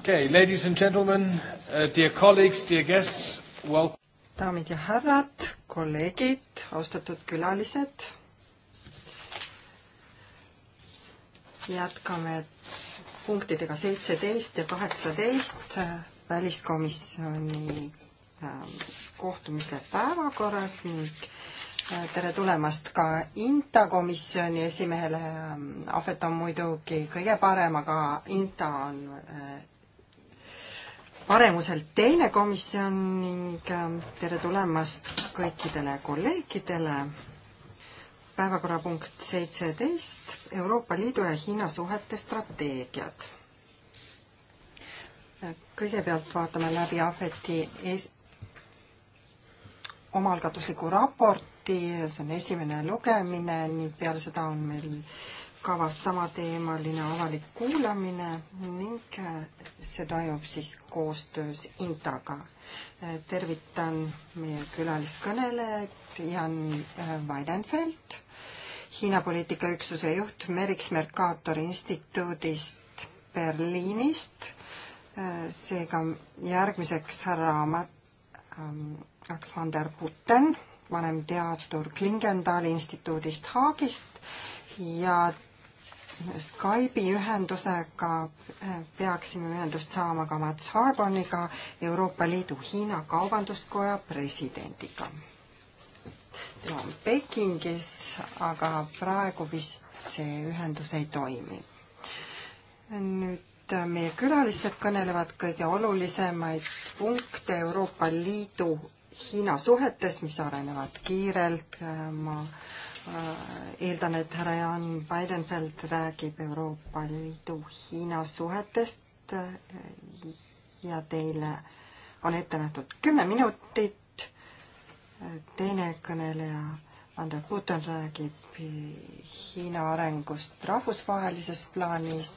Okay, ladies and gentlemen, uh, dear colleagues, dear guests, welcome. daamid ja härrad, kolleegid, austatud külalised. jätkame punktidega seitseteist ja kaheksateist äh, väliskomisjoni ähm, kohtumise päevakorras ning äh, tere tulemast ka INTA komisjoni esimehele. Ähm, Ahvet on muidugi kõige parem, aga INTA on äh, paremuselt teine komisjon ning ähm, tere tulemast kõikidele kolleegidele. päevakorrapunkt seitseteist, Euroopa Liidu ja Hiina suhete strateegiad. kõigepealt vaatame läbi Ahveti ees, omaalgatusliku raporti, see on esimene lugemine ning peale seda on meil kavas samateemaline avalik kuulamine ning äh, see toimub siis koostöös Intaga. Äh, tervitan meie külaliskõnelejat Jan äh, Weidenfeld, Hiina poliitikaüksuse juht Merix Mercator instituudist Berliinist. seega järgmiseks härra ähm, Alexander Putten, vanemteadur Klingendali instituudist Haagist ja Skype'i ühendusega eh, peaksime ühendust saama ka Mats Harboniga, Euroopa Liidu Hiina Kaubanduskoja presidendiga. tema on Pekingis, aga praegu vist see ühendus ei toimi. nüüd eh, meie külalised kõnelevad kõige olulisemaid punkte Euroopa Liidu Hiina suhetes, mis arenevad kiirelt. Eh, ma äh, Äh, eeldan, et härra Jaan Weidenfeld räägib Euroopa Liidu-Hiina suhetest äh, ja teile on ette nähtud kümme minutit. Äh, teine kõneleja, Ander Putin, räägib Hiina arengust rahvusvahelises plaanis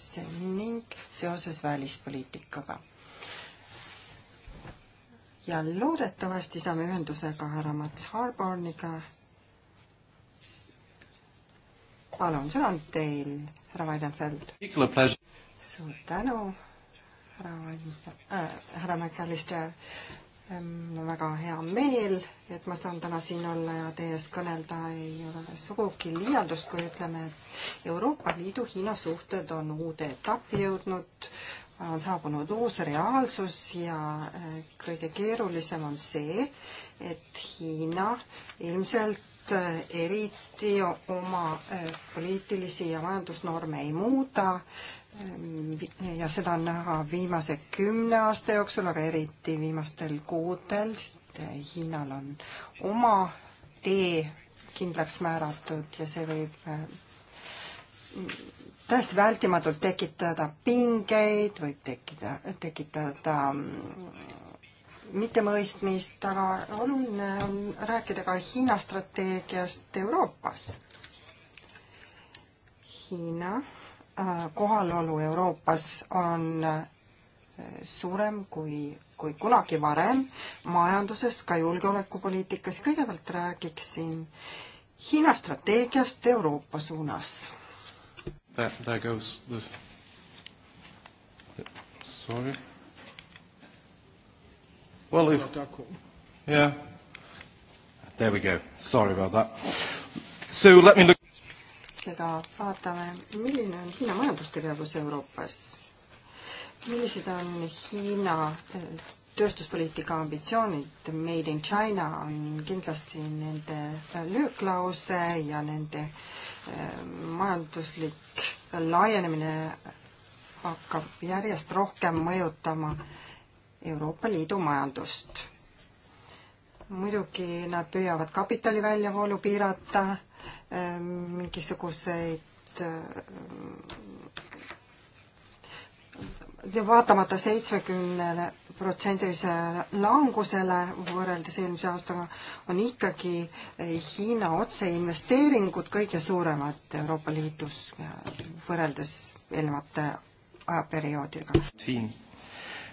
ning seoses välispoliitikaga. ja loodetavasti saame ühenduse ka härra Mats Harborniga palun, sõna on teil, härra Weidenfeld. suur tänu, härra Weidenfeld äh,, härra McAllister ehm, mul on väga hea meel, et ma saan täna siin olla ja teie ees kõnelda ei ole sugugi liialdust, kui ütleme, et Euroopa Liidu Hiina suhted on uude etappi jõudnud, on saabunud uus reaalsus ja äh, kõige keerulisem on see, et Hiina ilmselt Eh, eriti oma eh, poliitilisi ja majandusnorme ei muuda ehm, ja seda on näha viimase kümne aasta jooksul, aga eriti viimastel kuudel, sest eh, Hiinal on oma tee kindlaks määratud ja see võib täiesti vältimatult tekitada pingeid, võib tekkida, tekitada mm, mittemõistmist, aga oluline on rääkida ka Hiina strateegiast Euroopas. Hiina äh, kohalolu Euroopas on äh, suurem kui, kui kunagi varem majanduses, ka julgeolekupoliitikas. kõigepealt räägiksin Hiina strateegiast Euroopa suunas. That, that goes the, the, sorry Well, if, yeah. There we go. Sorry about that. So let me look. seega vaatame, milline on Hiina majandustegevus Euroopas. millised on Hiina eh, tööstuspoliitika ambitsioonid, Made in China on kindlasti nende eh, lööklause ja nende eh, majanduslik laienemine hakkab järjest rohkem mõjutama äh, Euroopa Liidu majandust. muidugi nad püüavad kapitali väljavoolu piirata, ähm, mingisuguseid äh, vaatamata seitsmekümnele protsendilisele langusele võrreldes eelmise aastaga on ikkagi Hiina otseinvesteeringud kõige suuremad Euroopa Liidus äh, võrreldes eelnevate ajaperioodidega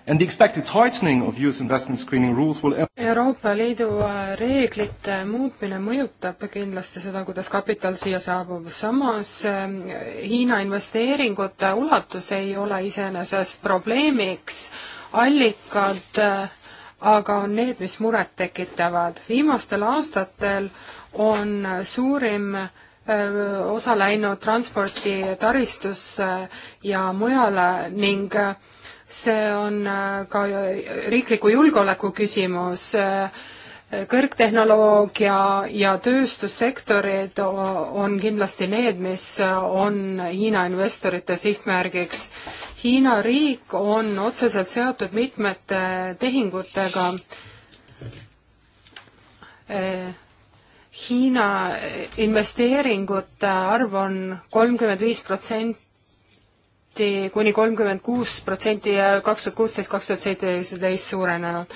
and the expected tightening of US investment screening rules will Euroopa Liidu äh, reeglite muutmine mõjutab kindlasti seda, kuidas kapital siia saabub, samas ähm, Hiina investeeringute ulatus ei ole iseenesest probleemiks, allikad äh, aga on need, mis muret tekitavad. viimastel aastatel on suurim äh, osa läinud transporditaristusse ja mujale ning see on äh, ka riikliku julgeoleku küsimus, äh, kõrgtehnoloogia ja tööstussektorid on kindlasti need, mis äh, on Hiina investorite sihtmärgiks. Hiina riik on otseselt seotud mitmete tehingutega. Hiina investeeringute arv on kolmkümmend viis protsenti protsenti kuni kolmkümmend kuus protsenti ja kaks tuhat kuusteist, kaks tuhat seitseteist suurenenud.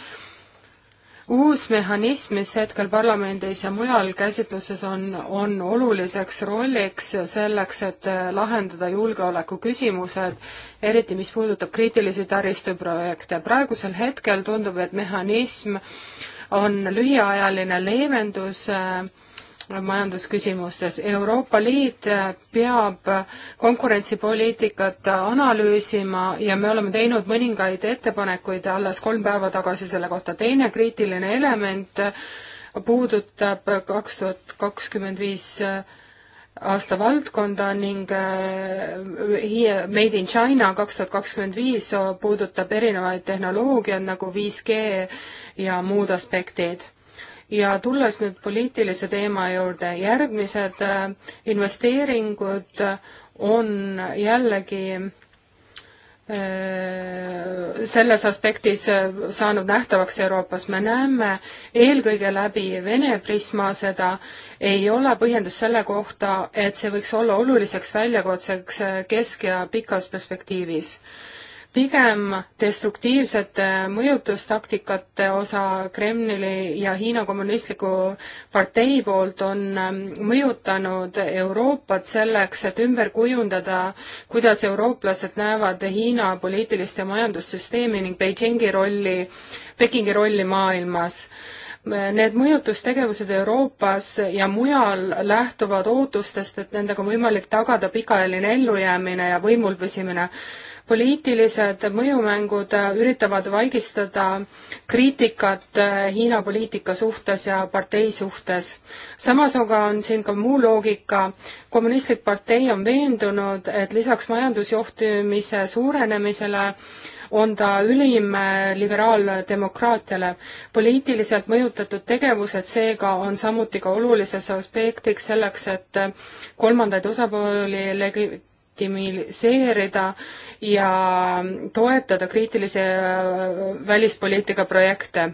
uus mehhanism, mis hetkel parlamendis ja mujal käsitluses on, on oluliseks rolliks selleks, et lahendada julgeoleku küsimused, eriti mis puudutab kriitilisi taristuprojekte. praegusel hetkel tundub, et mehhanism on lühiajaline leevendus äh, majandusküsimustes. Euroopa Liit peab konkurentsipoliitikat analüüsima ja me oleme teinud mõningaid ettepanekuid alles kolm päeva tagasi selle kohta. teine kriitiline element puudutab kaks tuhat kakskümmend viis aasta valdkonda ning äh, Made in China kaks tuhat kakskümmend viis puudutab erinevaid tehnoloogiaid nagu 5G ja muud aspektid ja tulles nüüd poliitilise teema juurde, järgmised äh, investeeringud on jällegi äh, selles aspektis äh, saanud nähtavaks Euroopas, me näeme eelkõige läbi Vene prisma seda, ei ole põhjendust selle kohta, et see võiks olla oluliseks väljakutseks kesk- ja pikas perspektiivis pigem destruktiivsete mõjutustaktikate osa Kremli ja Hiina Kommunistliku Partei poolt on ähm, mõjutanud Euroopat selleks, et ümber kujundada, kuidas eurooplased näevad Hiina poliitilist ja majandussüsteemi ning Beijingi rolli, Pekingi rolli maailmas need mõjutustegevused Euroopas ja mujal lähtuvad ootustest, et nendega on võimalik tagada pikaajaline ellujäämine ja võimul püsimine poliitilised mõjumängud üritavad vaigistada kriitikat äh, Hiina poliitika suhtes ja partei suhtes. samas aga on siin ka muu loogika, kommunistlik partei on veendunud, et lisaks majandusjuhtimise suurenemisele on ta ülim äh, liberaaldemokraatiale. poliitiliselt mõjutatud tegevused seega on samuti ka olulises aspektiks selleks, et kolmandaid osapooli legi-, optimiseerida ja toetada kriitilise äh, välispoliitika projekte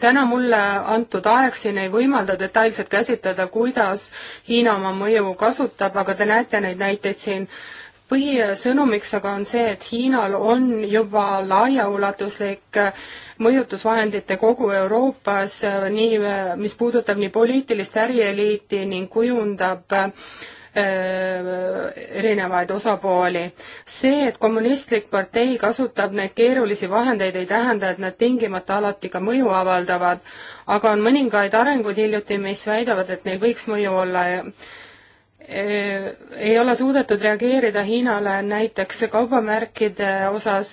täna mulle antud aeg siin ei võimalda detailselt käsitleda, kuidas Hiina oma mõju kasutab, aga te näete neid näiteid siin. põhisõnumiks aga on see, et Hiinal on juba laiaulatuslik äh, mõjutusvahendite kogu Euroopas, äh, nii, mis puudutab nii poliitilist ärieliiti ning kujundab äh, Äh, erinevaid osapooli. see, et kommunistlik partei kasutab neid keerulisi vahendeid, ei tähenda, et nad tingimata alati ka mõju avaldavad, aga on mõningaid arenguid hiljuti, mis väidavad, et neil võiks mõju olla ja äh, ei ole suudetud reageerida Hiinale näiteks kaubamärkide osas,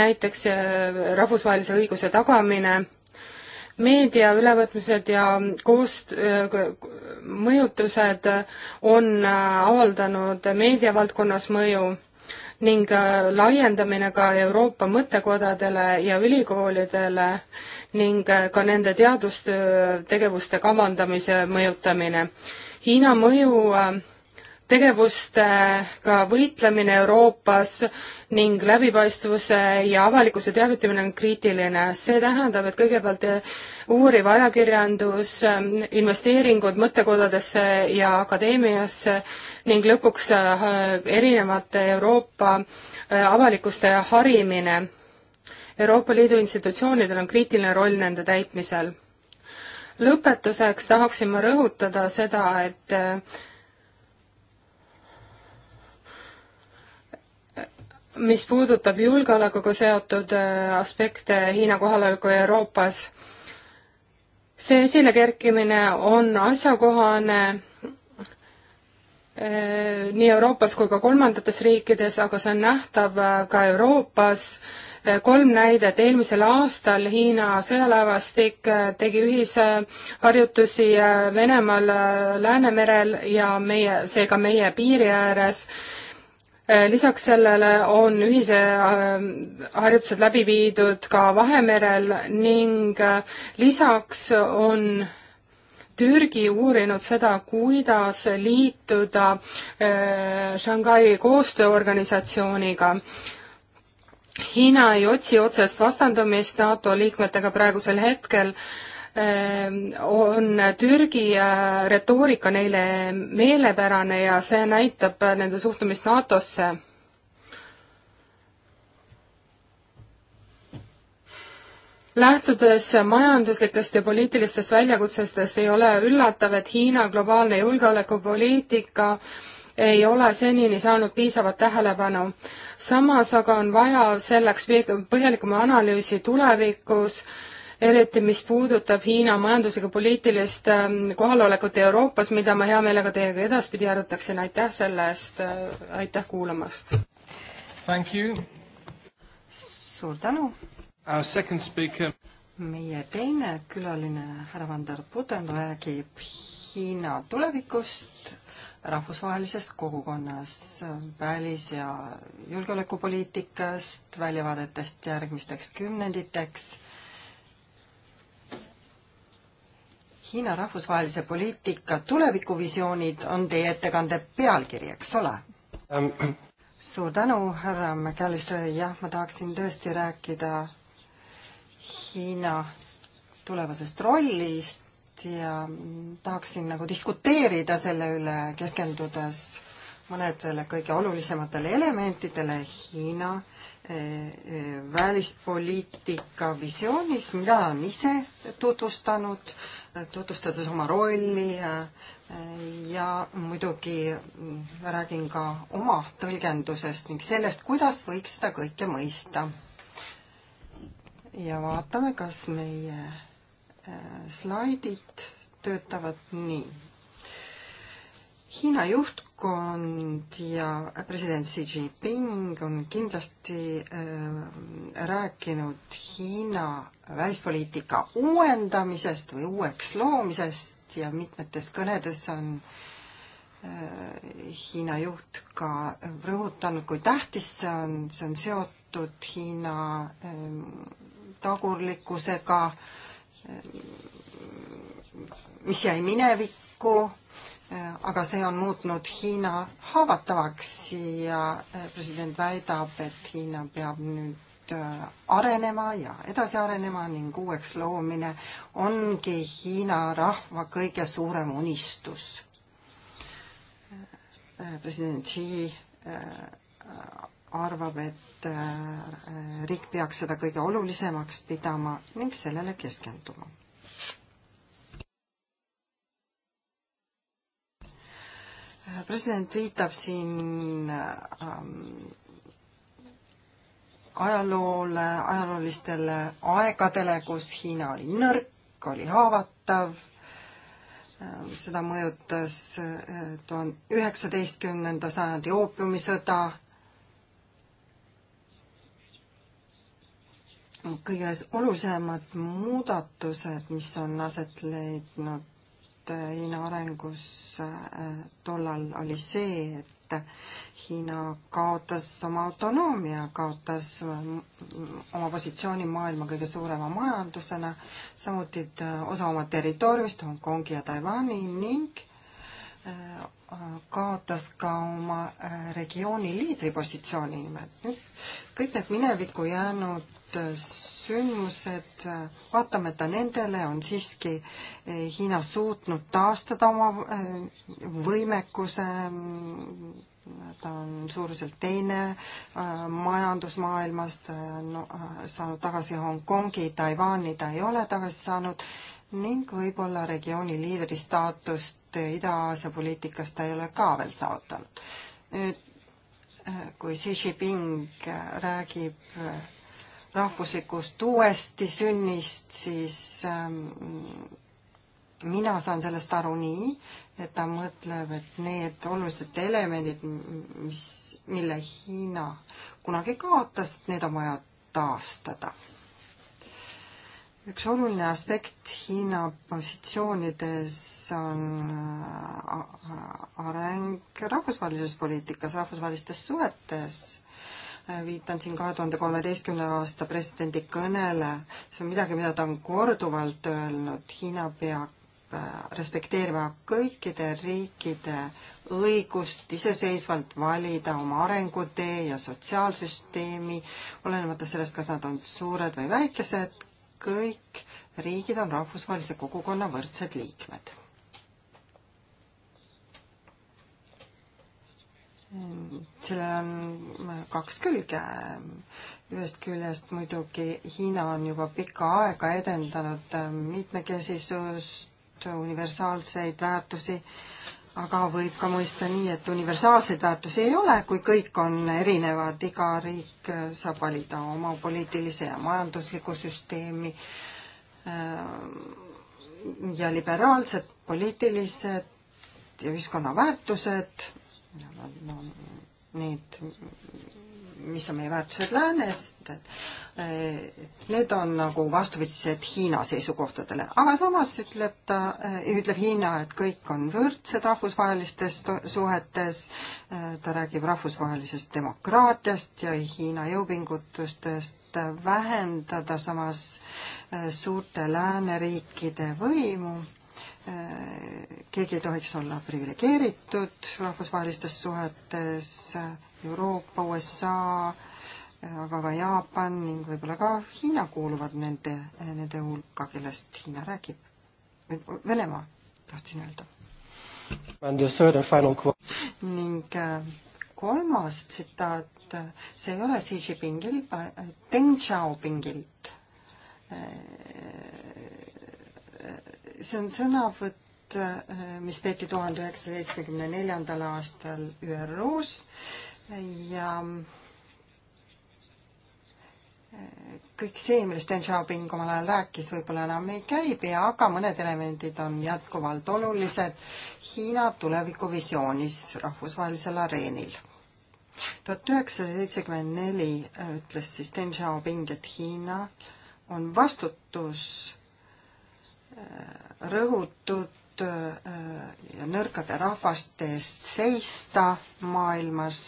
näiteks äh, rahvusvahelise õiguse tagamine meedia ülevõtmised ja koost-, mõjutused on äh, avaldanud meediavaldkonnas mõju ning äh, laiendamine ka Euroopa mõttekodadele ja ülikoolidele ning äh, ka nende teadustöö tegevuste kavandamise mõjutamine. Hiina mõju tegevustega võitlemine Euroopas ning läbipaistvuse ja avalikkuse teavitamine on kriitiline. see tähendab, et kõigepealt eh, uuriv ajakirjandus, eh, investeeringud mõttekodadesse ja akadeemiasse ning lõpuks eh, erinevate Euroopa avalikuste harimine. Euroopa Liidu institutsioonidel on kriitiline roll nende täitmisel. lõpetuseks tahaksin ma rõhutada seda, et mis puudutab julgeolekuga seotud äh, aspekte Hiina kohaloleku Euroopas, see esilekerkimine on asjakohane äh, nii Euroopas kui ka kolmandates riikides, aga see on nähtav äh, ka Euroopas. kolm näidet, eelmisel aastal Hiina sõjalaevastik tegi ühisharjutusi Venemaal, Läänemerel ja meie, seega meie piiri ääres Äh, lisaks sellele on ühise äh, harjutused läbi viidud ka Vahemerel ning äh, lisaks on Türgi uurinud seda, kuidas liituda Shanghai koostööorganisatsiooniga. Hiina ei otsi otsest vastandumist NATO liikmetega praegusel hetkel Ehm, on Türgi äh, retoorika neile meelepärane ja see näitab äh, nende suhtumist NATO-sse. lähtudes majanduslikest ja poliitilistest väljakutsetest ei ole üllatav, et Hiina globaalne julgeolekupoliitika ei ole senini saanud piisavat tähelepanu. samas aga on vaja selleks põhjalikuma analüüsi tulevikus äh, eriti mis puudutab Hiina majandusega poliitilist ähm, kohalolekut Euroopas, mida ma hea meelega teiega edaspidi arutaksin, aitäh selle eest, äh, aitäh kuulamast! suur tänu! meie teine külaline, härra Vander Puten, räägib Hiina tulevikust rahvusvahelises kogukonnas, välis- ja julgeolekupoliitikast, väljavaadetest järgmisteks kümnenditeks Hiina rahvusvahelise poliitika tulevikuvisioonid on teie ettekande pealkiri, eks ole um.? suur tänu, härra McAllister, jah, ma tahaksin tõesti rääkida Hiina tulevasest rollist ja tahaksin nagu diskuteerida selle üle, keskendudes mõnedele kõige olulisematele elementidele Hiina eh, eh, välispoliitika visioonis, mida on ise tutvustanud tutvustades oma rolli ja muidugi räägin ka oma tõlgendusest ning sellest, kuidas võiks seda kõike mõista. ja vaatame, kas meie äh, slaidid töötavad nii. Hiina juhtkond ja president Xi Jinping on kindlasti äh, rääkinud Hiina välispoliitika uuendamisest või uueks loomisest ja mitmetes kõnedes on äh, Hiina juht ka rõhutanud, kui tähtis see on, see on seotud Hiina äh, tagurlikkusega, äh, mis jäi minevikku, aga see on muutnud Hiina haavatavaks ja president väidab, et Hiina peab nüüd Äh, arenema ja edasi arenema ning uueks loomine ongi Hiina rahva kõige suurem unistus. Äh, president Xi äh, arvab, et riik peaks seda kõige olulisemaks pidama ning sellele keskenduma. president viitab siin ähm, ajaloole, ajaloolistele aegadele, kus Hiina oli nõrk, oli haavatav, äh, seda mõjutas äh, tuhande üheksateistkümnenda sajandi oopiumisõda, kõige olulisemad muudatused, mis on aset leidnud äh, Hiina arengus tollal, oli see, et et Hiina kaotas oma autonoomia, kaotas oma positsiooni maailma kõige suurema majandusena, samuti osa oma territooriumist, Hongkongi ja Taiwan'i ning äh, kaotas ka oma äh, regiooni liidripositsiooni nimelt. nüüd kõik need minevikku jäänud äh, sündmused, vaatamata nendele on siiski eh, Hiina suutnud taastada oma eh, võimekuse, ta on suuruselt teine eh, majandus maailmas, ta on saanud tagasi Hongkongi, Taiwan'i ta ei ole tagasi saanud ning võib-olla regiooni liidri staatust Ida-Aasia poliitikas ta ei ole ka veel saavutanud. nüüd kui Xi Jinping räägib rahvuslikust uuesti sünnist, siis ähm, mina saan sellest aru nii, et ta mõtleb, et need olulised elemendid, mis, mille Hiina kunagi kaotas, et need on vaja taastada. üks oluline aspekt Hiina positsioonides on äh, areng rahvusvahelises poliitikas, rahvusvahelistes suhetes Äh, viitan siin kahe tuhande kolmeteistkümnenda aasta presidendi kõnele, see on midagi, mida ta on korduvalt öelnud, Hiina peab äh, respekteerima kõikide riikide õigust iseseisvalt valida oma arengutee ja sotsiaalsüsteemi, olenemata sellest, kas nad on suured või väikesed, kõik riigid on rahvusvahelise kogukonna võrdsed liikmed sellel on kaks külge. ühest küljest muidugi Hiina on juba pikka aega edendanud mitmekesisust, universaalseid väärtusi, aga võib ka mõista nii, et universaalseid väärtusi ei ole, kui kõik on erinevad, iga riik saab valida oma poliitilise ja majandusliku süsteemi ja liberaalsed poliitilised ja ühiskonna väärtused no, no, need, mis on meie väärtused läänest, et eh, need on nagu vastupidised Hiina seisukohtadele, aga samas ütleb ta, eh, ütleb Hiina, et kõik on võrdsed rahvusvahelistes suhetes, eh, ta räägib rahvusvahelisest demokraatiast ja Hiina jõupingutustest vähendada samas suurte lääneriikide võimu Äh, keegi ei tohiks olla priviligeeritud rahvusvahelistes suhetes, Euroopa, USA, äh, aga ka Jaapan ning võib-olla ka Hiina kuuluvad nende, nende hulka, kellest Hiina räägib. Venemaa, tahtsin öelda. ning äh, kolmas tsitaat, see ei ole Xi Jinpingilt, Deng Xiaopingilt see on sõnavõtt, äh, mis peeti tuhande üheksasaja seitsmekümne neljandal aastal ÜRO-s ja äh, kõik see, millest Deng Xiaoping omal ajal rääkis, võib-olla enam ei käi pea, aga mõned elemendid on jätkuvalt olulised Hiina tulevikuvisioonis rahvusvahelisel areenil. tuhat üheksasada seitsekümmend neli äh, ütles siis Deng Xiaoping, et Hiina on vastutus rõhutud äh, ja nõrkade rahvaste eest seista maailmas.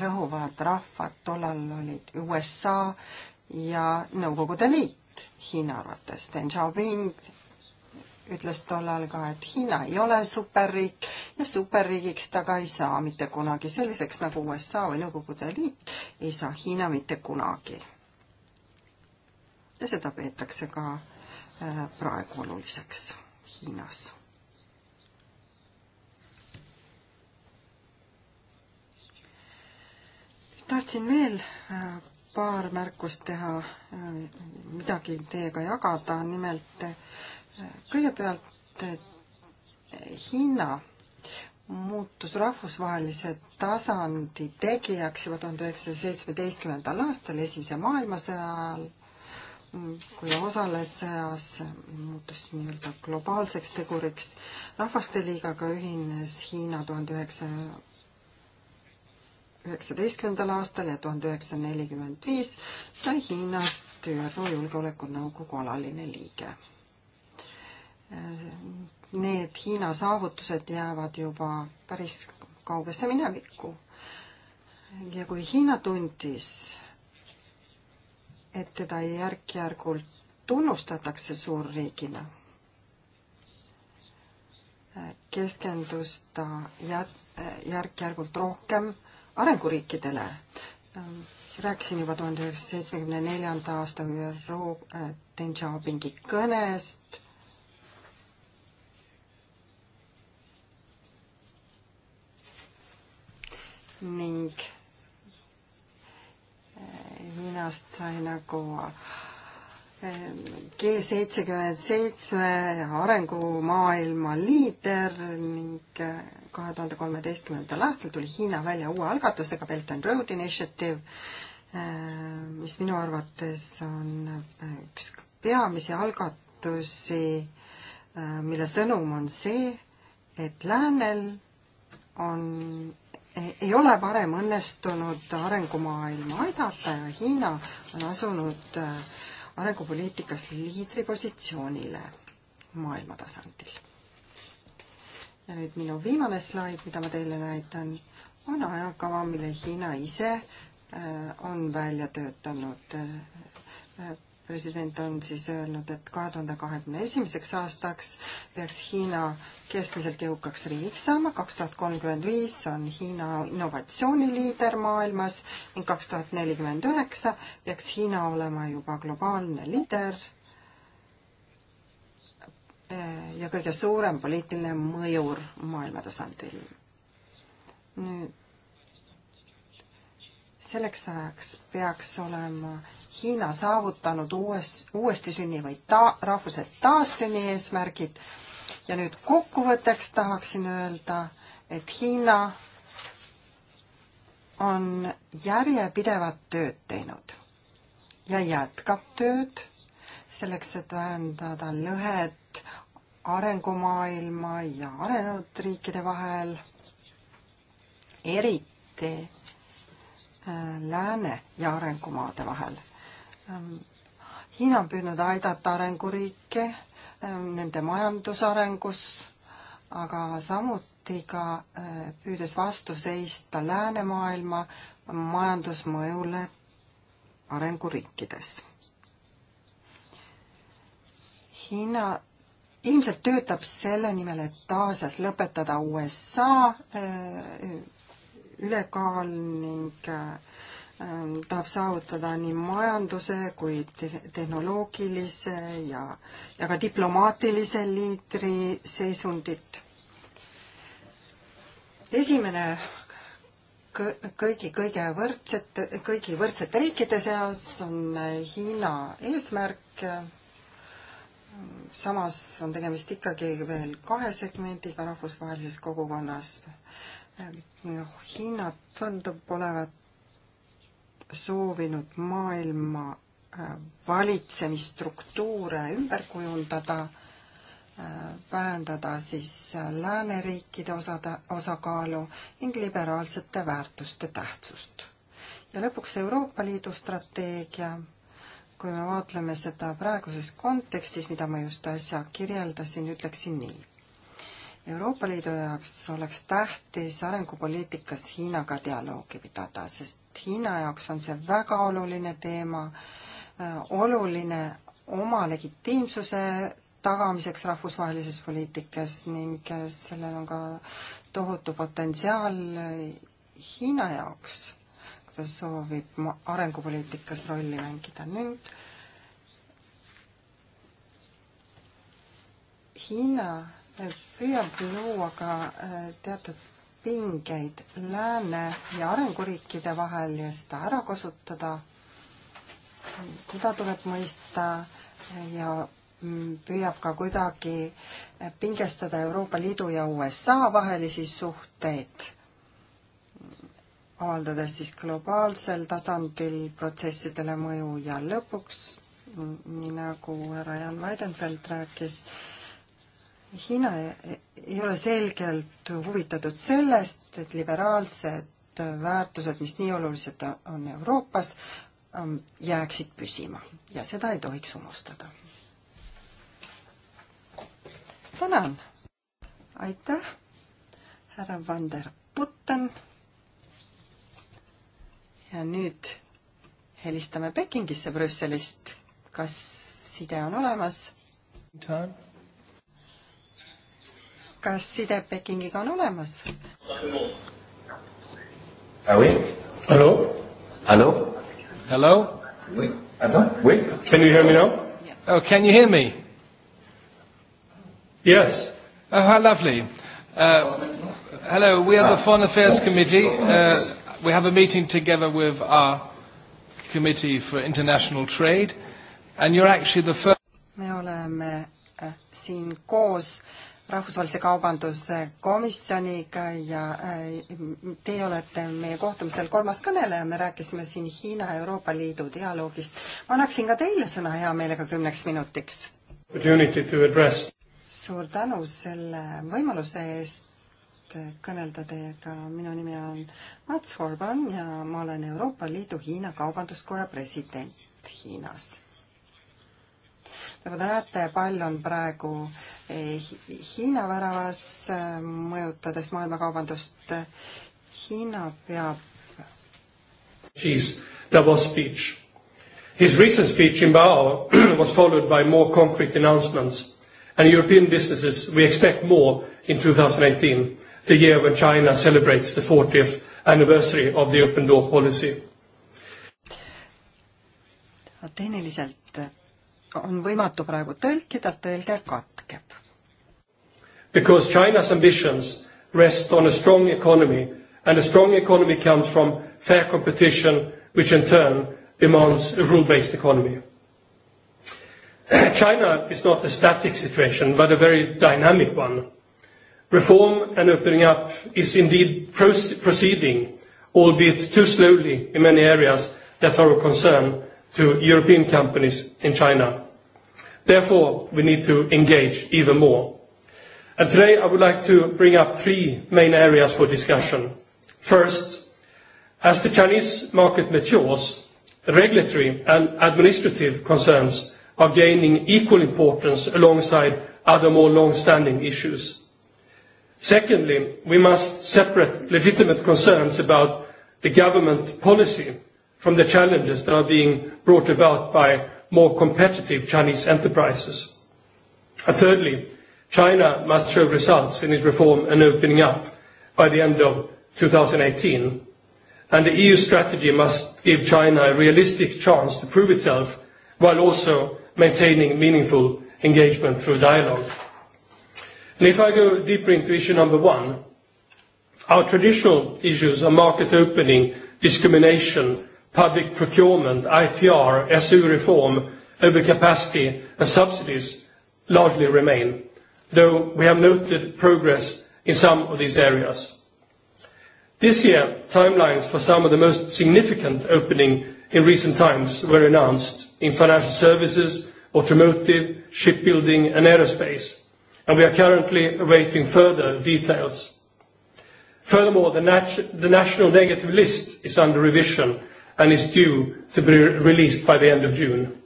rõhuvad rahvad tollal olid USA ja Nõukogude Liit Hiina arvates. Deng Xiaoping ütles tollal ka, et Hiina ei ole superriik ja superriigiks ta ka ei saa mitte kunagi, selliseks nagu USA või Nõukogude Liit ei saa Hiina mitte kunagi. ja seda peetakse ka Äh, praegu oluliseks Hiinas tahtsin veel äh, paar märkust teha, äh, midagi teiega jagada, nimelt kõigepealt Hiina muutus rahvusvahelise tasandi tegijaks juba tuhande üheksasaja seitsmeteistkümnendal aastal, Esimese maailmasõja ajal kui osales sõjas, muutus nii-öelda globaalseks teguriks. rahvaste liigaga ühines Hiina tuhande üheksasaja üheksateistkümnendal aastal ja tuhande üheksasaja nelikümmend viis sai Hiinast ÜRO Julgeolekunõukogu alaline liige. Need Hiina saavutused jäävad juba päris kaugesse minevikku. ja kui Hiina tundis et teda järk-järgult tunnustatakse suurriigina, keskendus ta järk-järgult rohkem arenguriikidele. rääkisin juba tuhande üheksasaja seitsmekümne neljanda aasta ÜRO äh, Deng Xiaopingi kõnest ning minast sai nagu eh, G seitsekümmend seitse arengumaailma liider ning eh, kahe tuhande kolmeteistkümnendal aastal tuli Hiina välja uue algatusega Belt and Road Initiative, eh, mis minu arvates on üks peamisi algatusi, mille sõnum on see, et läänel on ei ole varem õnnestunud arengumaailma aidata ja Hiina on asunud äh, arengupoliitikas liidripositsioonile maailma tasandil. ja nüüd minu viimane slaid, mida ma teile näitan, on ajakava, mille Hiina ise äh, on välja töötanud äh, president on siis öelnud, et kahe tuhande kahekümne esimeseks aastaks peaks Hiina keskmiselt jõukaks riigiks saama, kaks tuhat kolmkümmend viis on Hiina innovatsiooniliider maailmas ning kaks tuhat nelikümmend üheksa peaks Hiina olema juba globaalne liider eh, ja kõige suurem poliitiline mõjur maailma tasandil. nüüd selleks ajaks peaks olema Hiina saavutanud uues, uuesti sünni või ta-, rahvuse taassünni eesmärgid. ja nüüd kokkuvõtteks tahaksin öelda, et Hiina on järjepidevat tööd teinud ja jätkab tööd selleks, et vähendada lõhet arengumaailma ja arenenud riikide vahel, eriti äh, lääne ja arengumaade vahel. Ähm, Hiina on püüdnud aidata arenguriike ähm, nende majandusarengus, aga samuti ka äh, püüdes vastu seista läänemaailma majandusmõjule arenguriikides. Hiina ilmselt töötab selle nimel, et Aasias lõpetada USA äh, ülekaal ning äh, Ähm, tahab saavutada nii majanduse kui tehnoloogilise ja, ja ka diplomaatilise liidri seisundit. esimene kõigi kõige võrdsete, kõigi võrdsete riikide seas on äh, Hiina eesmärk. samas on tegemist ikkagi veel kahe segmendiga rahvusvahelises kogukonnas. Äh, Hiina tundub olevat soovinud maailma äh, valitsemisstruktuure ümber kujundada, äh, vähendada siis äh, lääneriikide osade, osakaalu ning liberaalsete väärtuste tähtsust. ja lõpuks Euroopa Liidu strateegia, kui me vaatleme seda praeguses kontekstis, mida ma just äsja kirjeldasin, ütleksin nii Euroopa Liidu jaoks oleks tähtis arengupoliitikas Hiinaga dialoogi pidada, sest Hiina jaoks on see väga oluline teema, äh, oluline oma legitiimsuse tagamiseks rahvusvahelises poliitikas ning äh, sellel on ka tohutu potentsiaal äh, Hiina jaoks, kui ta soovib arengupoliitikas rolli mängida. nüüd Hiina püüab luua ka äh, teatud pingeid lääne ja arenguriikide vahel ja seda ära kasutada. seda tuleb mõista ja mm, püüab ka kuidagi äh, pingestada Euroopa Liidu ja USA vahelisi suhteid, avaldades siis globaalsel tasandil protsessidele mõju ja lõpuks, mm, nii nagu härra Jan Weidenfeld rääkis, Hiina ei ole selgelt huvitatud sellest, et liberaalsed väärtused, mis nii olulised on Euroopas, ähm, jääksid püsima ja seda ei tohiks unustada. tänan. aitäh, härra Vander Putten. ja nüüd helistame Pekingisse Brüsselist. kas side on olemas? time kas side Pekingiga on olemas? Ah hello? Hello? Hello? Oui. Attends, oui. Can you hear me now? Yes. Oh, can you hear me? Yes. Oh, how lovely. Uh, hello, we are the ah. Foreign Affairs Committee. Uh, we have a meeting together with our Committee for International Trade, and you're actually the first me oleme äh, siin koos rahvusvahelise kaubanduse komisjoniga ja äh, teie olete meie kohtumisel kolmas kõneleja, me rääkisime siin Hiina ja Euroopa Liidu dialoogist. ma annaksin ka teile sõna hea meelega kümneks minutiks. suur tänu selle võimaluse eest kõnelda teiega, minu nimi on Mats Orban ja ma olen Euroopa Liidu Hiina Kaubanduskoja president Hiinas nagu te näete, pall on praegu eh, Hiina väravas, eh, mõjutades maailmakaubandust. Hiina peab. She's double speech. His recent speech in Bao was followed by more concrete announcements. And European businesses, we expect more in 2018, the year when China celebrates the 40th anniversary of the open door policy. tehniliselt on võimatu praegu tõlkida, tõlge katkeb. Because China's ambitions rest on a strong economy and a strong economy comes from fair competition, which in turn demands a rule-based economy. China is not a static situation, but a very dynamic one. Reform and opening up is indeed proceeding, albeit too slowly in many areas that are of concern to European companies in China. Therefore, we need to engage even more. And today, I would like to bring up three main areas for discussion. First, as the Chinese market matures, regulatory and administrative concerns are gaining equal importance alongside other more long-standing issues. Secondly, we must separate legitimate concerns about the government policy from the challenges that are being brought about by more competitive Chinese enterprises. And thirdly, China must show results in its reform and opening up by the end of 2018, and the EU strategy must give China a realistic chance to prove itself while also maintaining meaningful engagement through dialogue. And if I go deeper into issue number one, our traditional issues are market opening, discrimination, public procurement, IPR, SU reform, overcapacity, and subsidies largely remain, though we have noted progress in some of these areas. This year, timelines for some of the most significant opening in recent times were announced in financial services, automotive, shipbuilding, and aerospace, and we are currently awaiting further details. Furthermore, the, nat the national negative list is under revision, and is due to be released by the end of June.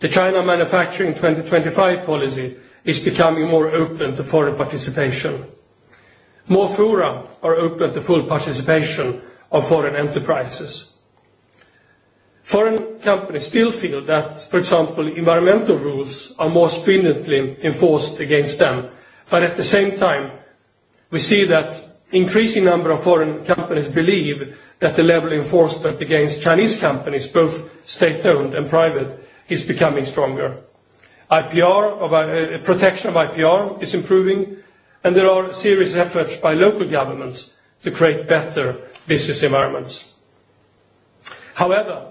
The China Manufacturing 2025 policy is becoming more open to foreign participation. More fora are open to full participation of foreign enterprises. Foreign companies still feel that, for example, environmental rules are more stringently enforced against them. But at the same time, we see that increasing number of foreign companies believe that the level of enforcement against Chinese companies, both state-owned and private, is becoming stronger. IPR of, uh, uh, protection of IPR is improving, and there are serious efforts by local governments to create better business environments. However,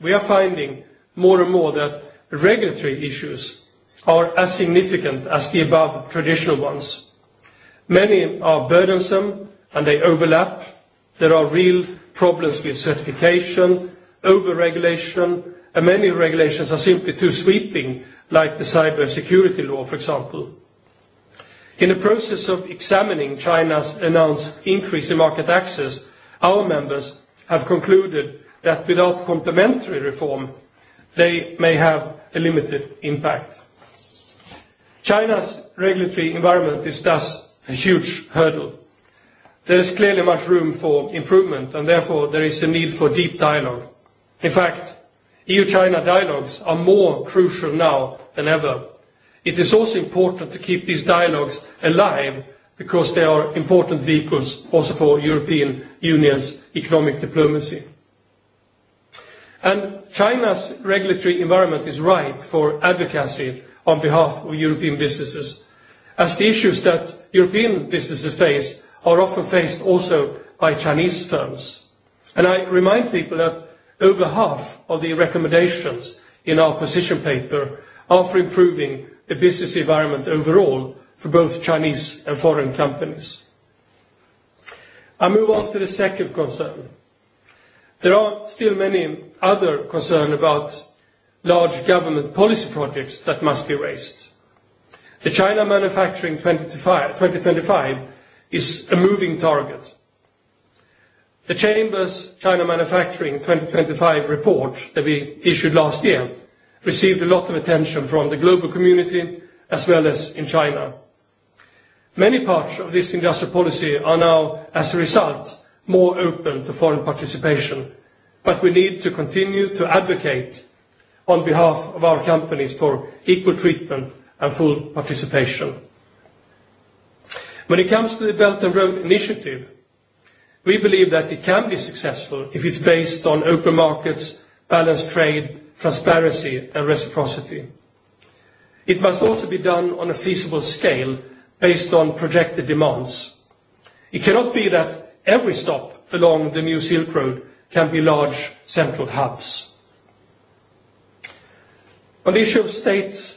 we are finding more and more that regulatory issues are as significant as the above traditional ones Many are burdensome, and they overlap. There are real problems with certification, over-regulation, and many regulations are simply too sweeping, like the cybersecurity law, for example. In the process of examining China's announced increase in market access, our members have concluded that without complementary reform, they may have a limited impact. China's regulatory environment is thus a huge hurdle. There is clearly much room for improvement, and therefore there is a need for deep dialogue. In fact, EU-China dialogues are more crucial now than ever. It is also important to keep these dialogues alive because they are important vehicles also for European Union's economic diplomacy. And China's regulatory environment is ripe for advocacy on behalf of European businesses, as the issues that European businesses face are often faced also by Chinese firms. And I remind people that over half of the recommendations in our position paper are for improving the business environment overall for both Chinese and foreign companies. I move on to the second concern. There are still many other concern about large government policy projects that must be raised. The China Manufacturing 2025 is a moving target. The Chamber's China Manufacturing 2025 report that we issued last year received a lot of attention from the global community as well as in China. Many parts of this industrial policy are now, as a result, more open to foreign participation, but we need to continue to advocate on behalf of our companies for equal treatment and full participation. When it comes to the Belt and Road Initiative, we believe that it can be successful if it's based on open markets, balanced trade, transparency, and reciprocity. It must also be done on a feasible scale based on projected demands. It cannot be that every stop along the new Silk Road can be large central hubs. On the issue of state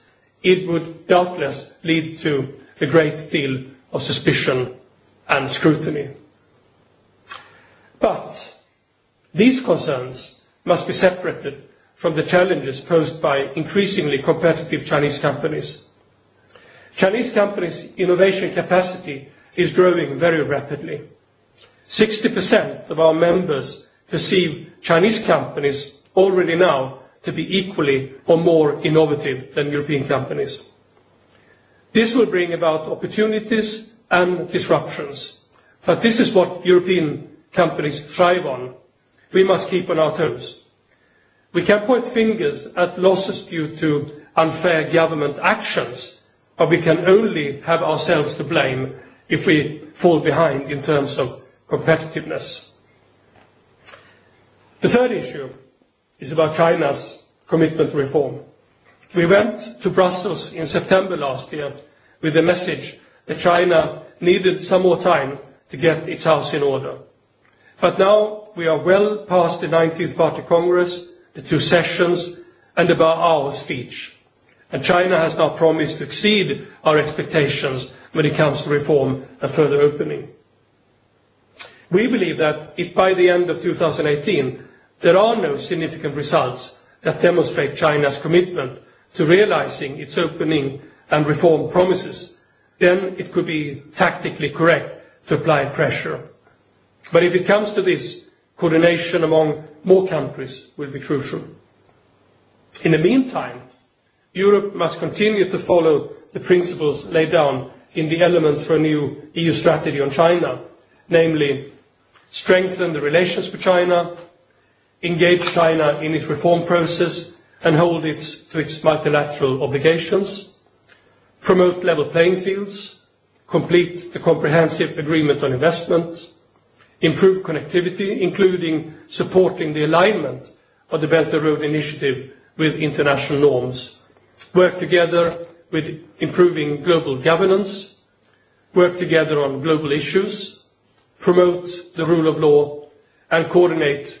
it would doubtless lead to a great deal of suspicion and scrutiny. But these concerns must be separated from the challenges posed by increasingly competitive Chinese companies. Chinese companies' innovation capacity is growing very rapidly. 60% of our members perceive Chinese companies already now to be equally or more innovative than European companies. This will bring about opportunities and disruptions, but this is what European companies thrive on. We must keep on our toes. We can point fingers at losses due to unfair government actions, but we can only have ourselves to blame if we fall behind in terms of competitiveness. The third issue is about China's commitment to reform. We went to Brussels in September last year with the message that China needed some more time to get its house in order. But now we are well past the 19th Party Congress, the two sessions, and about our speech. And China has now promised to exceed our expectations when it comes to reform and further opening. We believe that if by the end of 2018, There are no significant results that demonstrate China's commitment to realizing its opening and reform promises, then it could be tactically correct to apply pressure. But if it comes to this, coordination among more countries will be crucial. In the meantime, Europe must continue to follow the principles laid down in the elements for a new EU strategy on China, namely strengthen the relations with China, engage China in its reform process and hold it to its multilateral obligations, promote level playing fields, complete the comprehensive agreement on investment, improve connectivity, including supporting the alignment of the Belt and Road Initiative with international norms, work together with improving global governance, work together on global issues, promote the rule of law, and coordinate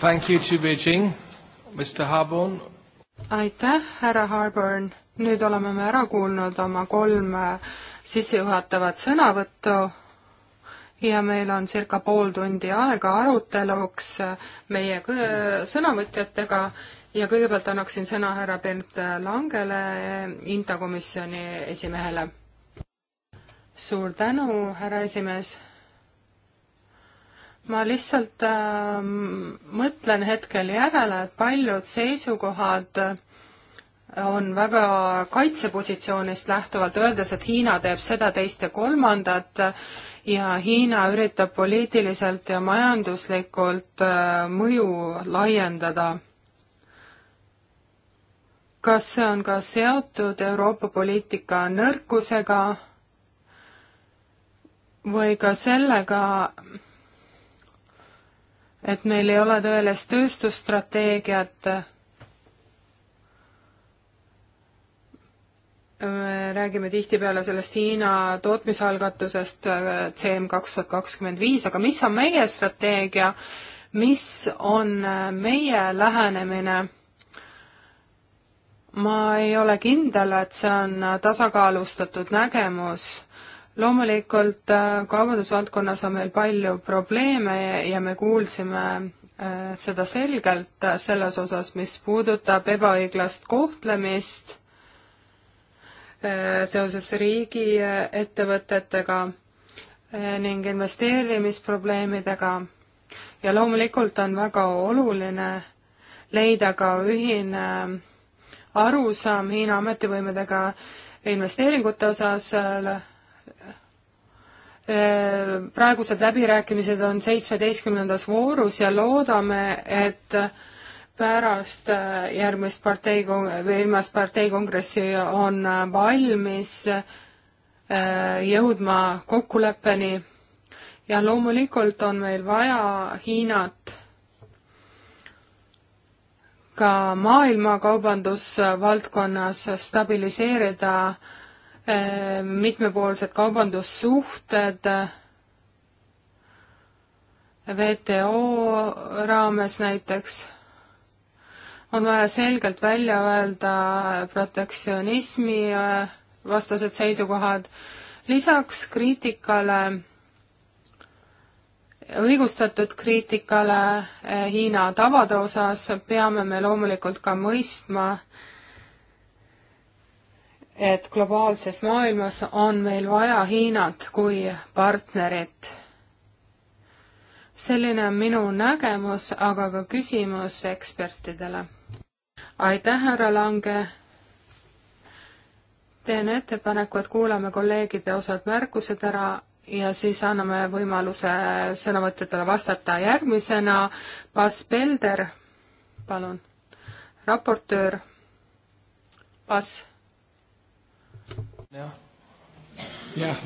Thank you to Beijing, Mr Harborn. aitäh, härra Harborn. nüüd oleme me ära kuulnud oma kolm sissejuhatavat sõnavõttu ja meil on circa pool tundi aega aruteluks meie sõnavõtjatega ja kõigepealt annaksin sõna härra Bernt Langele, Inta komisjoni esimehele. suur tänu, härra esimees ma lihtsalt äh, mõtlen hetkel järele, et paljud seisukohad äh, on väga kaitsepositsioonist lähtuvalt, öeldes, et Hiina teeb seda, teist ja kolmandat äh, ja Hiina üritab poliitiliselt ja majanduslikult äh, mõju laiendada. kas see on ka seotud Euroopa poliitika nõrkusega või ka sellega, et meil ei ole tõelist tööstusstrateegiat. me räägime tihtipeale sellest Hiina tootmisalgatusest CM kaks tuhat kakskümmend viis, aga mis on meie strateegia, mis on meie lähenemine? ma ei ole kindel, et see on tasakaalustatud nägemus loomulikult äh, kaubandusvaldkonnas on meil palju probleeme ja me kuulsime äh, seda selgelt äh, selles osas, mis puudutab ebaõiglast kohtlemist seoses riigiettevõtetega ning investeerimisprobleemidega. ja loomulikult on väga oluline leida ka ühine arusaam Hiina ametivõimedega investeeringute osas praegused läbirääkimised on seitsmeteistkümnendas voorus ja loodame, et pärast järgmist partei, või viimast parteikongressi on valmis äh, jõudma kokkuleppeni ja loomulikult on meil vaja Hiinat ka maailmakaubandusvaldkonnas stabiliseerida äh, mitmepoolsed kaubandussuhted WTO raames näiteks, on vaja selgelt välja öelda protektsionismi äh, vastased seisukohad, lisaks kriitikale, õigustatud kriitikale äh, Hiina tavade osas peame me loomulikult ka mõistma, et globaalses maailmas on meil vaja Hiinat kui partnerit. selline on minu nägemus, aga ka küsimus ekspertidele. aitäh, härra Lange! teen ettepaneku, et kuulame kolleegide osad märkused ära ja siis anname võimaluse sõnavõtjatele vastata. järgmisena Bas Belder, palun, raportöör. Bas jah. jah.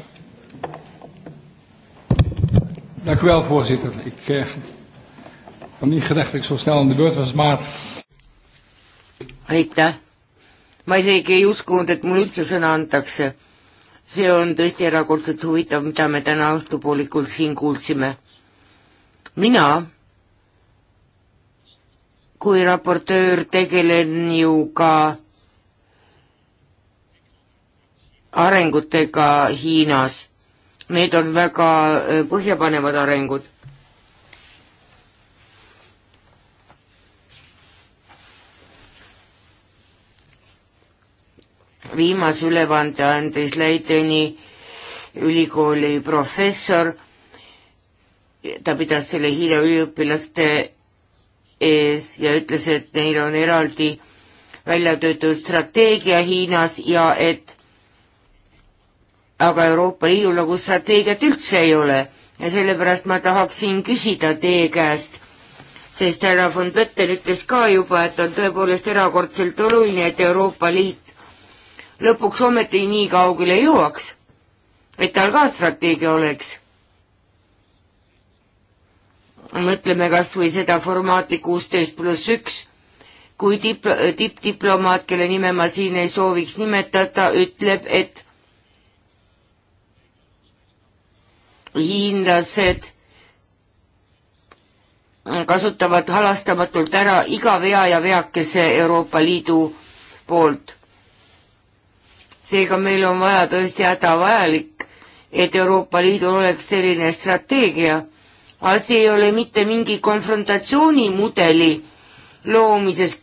Dank u wel, voorzitter. Ik eh, had niet gedacht dat ik zo snel aan de beurt was, maar... aitäh! ma isegi ei uskunud, et mulle üldse sõna antakse. see on tõesti erakordselt huvitav, mida me täna õhtupoolikul siin kuulsime. mina kui raportöör tegelen ju ka arengutega Hiinas. Need on väga äh, põhjapanevad arengud. viimase ülevaande andis Leideni ülikooli professor, ta pidas selle Hiina üliõpilaste ees ja ütles, et neil on eraldi välja töötatud strateegia Hiinas ja et aga Euroopa Liidul nagu strateegiat üldse ei ole ja sellepärast ma tahaksin küsida teie käest, sest härra von Pötter ütles ka juba, et on tõepoolest erakordselt oluline, et Euroopa Liit lõpuks ometi nii kaugele jõuaks, et tal ka strateegia oleks. mõtleme kas või seda formaati kuusteist pluss üks kui tipp, tippdiplomaat, kelle nime ma siin ei sooviks nimetada, ütleb, et hiinlased kasutavad halastamatult ära iga vea ja veakese Euroopa Liidu poolt. seega meil on vaja tõesti hädavajalik, et Euroopa Liidul oleks selline strateegia. asi ei ole mitte mingi konfrontatsioonimudeli loomises,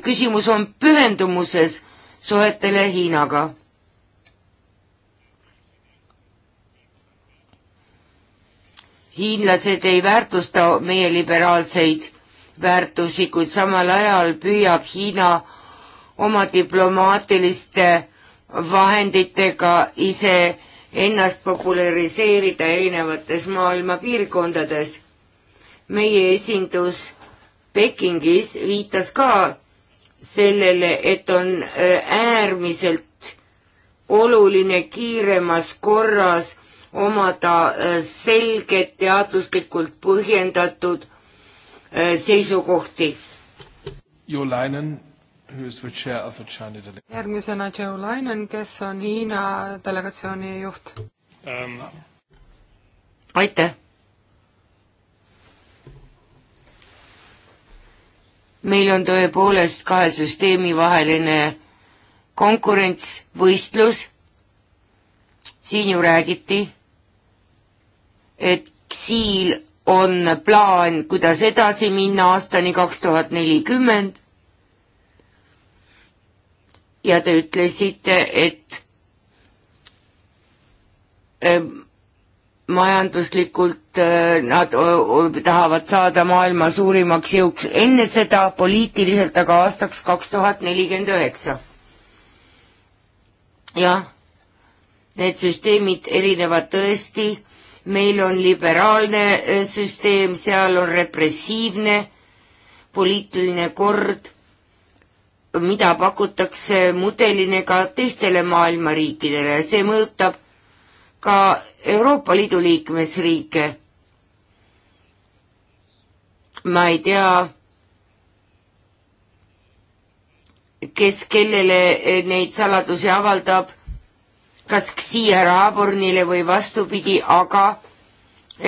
küsimus on pühendumuses suhetele Hiinaga hiinlased ei väärtusta meie liberaalseid väärtusi, kuid samal ajal püüab Hiina oma diplomaatiliste vahenditega ise ennast populariseerida erinevates maailma piirkondades. meie esindus Pekingis viitas ka sellele, et on äh, äärmiselt oluline kiiremas korras omada äh, selget, teaduslikult põhjendatud äh, seisukohti. järgmisena Joe Lainen, kes on Hiina delegatsiooni juht um.. aitäh! meil on tõepoolest kahe süsteemi vaheline konkurents, võistlus, siin ju räägiti et siil on plaan, kuidas edasi minna aastani kaks tuhat nelikümmend. ja te ütlesite, et ähm, majanduslikult äh, nad tahavad saada maailma suurimaks jõuks enne seda, poliitiliselt aga aastaks kaks tuhat nelikümmend üheksa. jah, need süsteemid erinevad tõesti meil on liberaalne äh, süsteem, seal on repressiivne poliitiline kord, mida pakutakse mudelina ka teistele maailma riikidele ja see mõjutab ka Euroopa Liidu liikmesriike. ma ei tea, kes kellele neid saladusi avaldab kas siia Raabornile või vastupidi, aga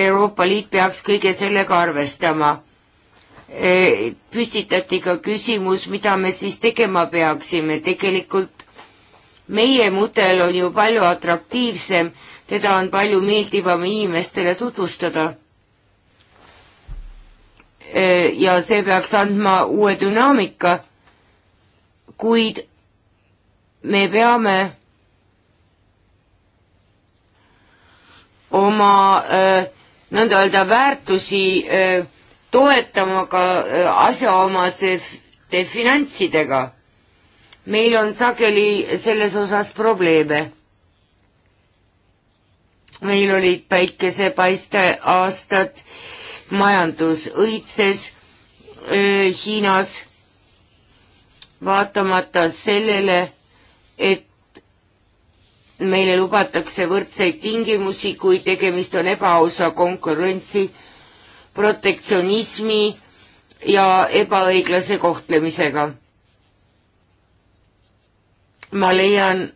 Euroopa Liit peaks kõige sellega arvestama. E, püstitati ka küsimus, mida me siis tegema peaksime, tegelikult meie mudel on ju palju atraktiivsem, teda on palju meeldivam inimestele tutvustada. E, ja see peaks andma uue dünaamika, kuid me peame oma nõnda öelda väärtusi toetama ka asjaomaste finantsidega. meil on sageli selles osas probleeme. meil olid päikesepaiste aastad, majandus õitses Hiinas, vaatamata sellele, et meile lubatakse võrdseid tingimusi, kui tegemist on ebaausa konkurentsi, protektsionismi ja ebaõiglase kohtlemisega. ma leian,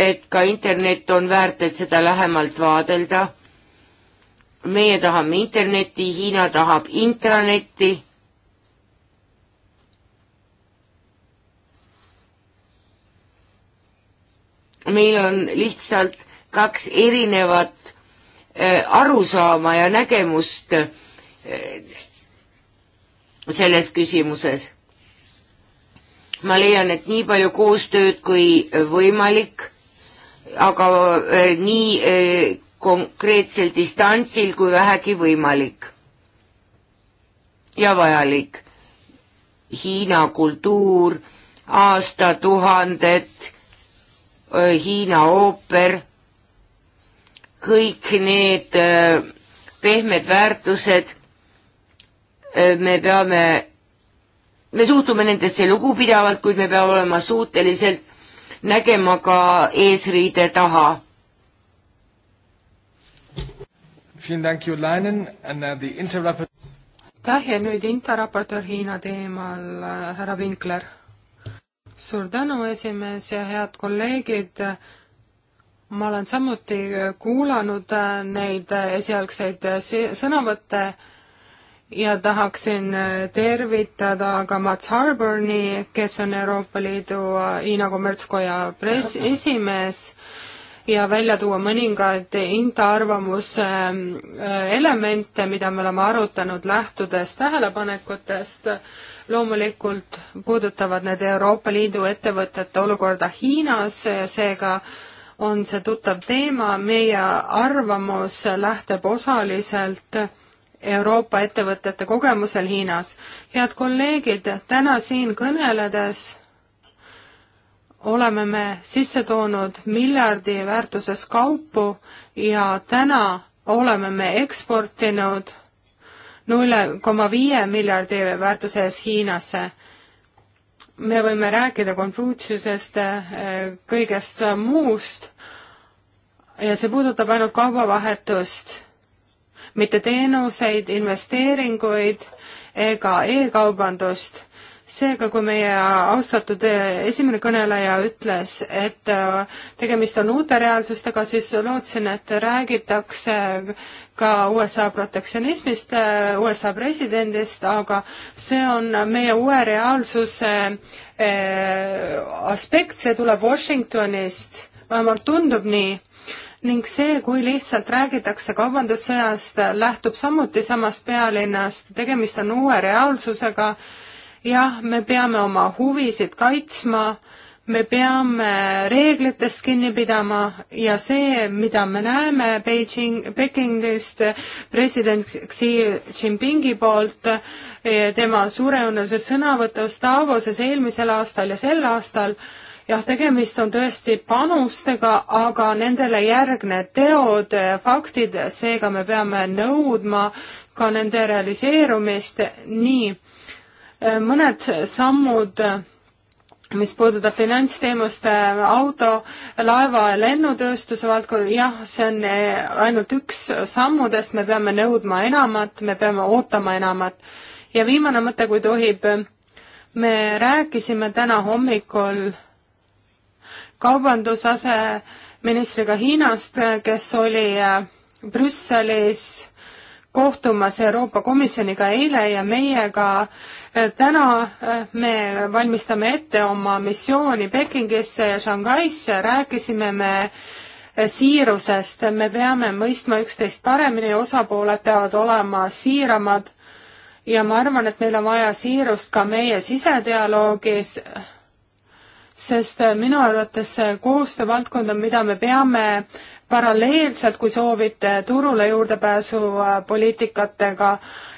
et ka internet on väärt, et seda lähemalt vaadelda. meie tahame internetti, Hiina tahab intranetti meil on lihtsalt kaks erinevat äh, arusaama ja nägemust äh, selles küsimuses. ma leian, et nii palju koostööd kui võimalik, aga äh, nii konkreetsel distantsil kui vähegi võimalik ja vajalik. Hiina kultuur, aastatuhanded Äh, Hiina ooper, kõik need äh, pehmed väärtused, äh, me peame, me suhtume nendesse lugupidavalt, kuid me peame olema suuteliselt nägema ka eesriide taha. aitäh ja nüüd interraportöör Hiina teemal, härra Vinkler suur tänu, esimees ja head kolleegid. ma olen samuti kuulanud neid esialgseid sõnavõtte ja tahaksin tervitada ka Mats Harborni, kes on Euroopa Liidu Hiina Kommertskoja press-, esimees ja välja tuua mõningaid Inta arvamuse äh, elemente, mida me oleme arutanud lähtudes tähelepanekutest. loomulikult puudutavad need Euroopa Liidu ettevõtete olukorda Hiinas, seega on see tuttav teema, meie arvamus lähtub osaliselt Euroopa ettevõtete kogemusel Hiinas. head kolleegid, täna siin kõneledes oleme me sisse toonud miljardi väärtuses kaupu ja täna oleme me eksportinud nulle koma viie miljardi väärtuses Hiinasse. me võime rääkida Konfutsiusest, eh, kõigest muust ja see puudutab ainult kaubavahetust, mitte teenuseid, investeeringuid ega e-kaubandust seega, kui meie austatud eh, esimene kõneleja ütles, et eh, tegemist on uute reaalsustega, siis lootsin, et räägitakse ka USA protektsionismist, eh, USA presidendist, aga see on meie uue reaalsuse aspekt, see tuleb Washingtonist, vähemalt tundub nii ning see, kui lihtsalt räägitakse kaubandussõjast, lähtub samuti samast pealinnast, tegemist on uue reaalsusega jah, me peame oma huvisid kaitsma, me peame reeglitest kinni pidama ja see, mida me näeme Beijing, Pekingist president Xi Jinpingi poolt, eh, tema suureuneses sõnavõtus Davoses eelmisel aastal ja sel aastal, jah, tegemist on tõesti panustega, aga nendele järgnevad teod, eh, faktid, seega me peame nõudma ka nende realiseerumist nii, mõned sammud mis puudutab finantsteenuste auto, laeva ja lennutööstuse valdkond, jah, see on eh, ainult üks sammudest, me peame nõudma enamat, me peame ootama enamat. ja viimane mõte, kui tohib, me rääkisime täna hommikul kaubandusaseministriga Hiinast, kes oli eh, Brüsselis kohtumas Euroopa Komisjoniga eile ja meiega täna äh, me valmistame ette oma missiooni Pekingisse ja Shanghai'sse, rääkisime me äh, siirusest, me peame mõistma üksteist paremini, osapooled peavad olema siiramad ja ma arvan, et meil on vaja siirust ka meie sisedialoogis, sest äh, minu arvates see koostöövaldkond on, mida me peame paralleelselt, kui soovite, turule juurdepääsu äh, poliitikatega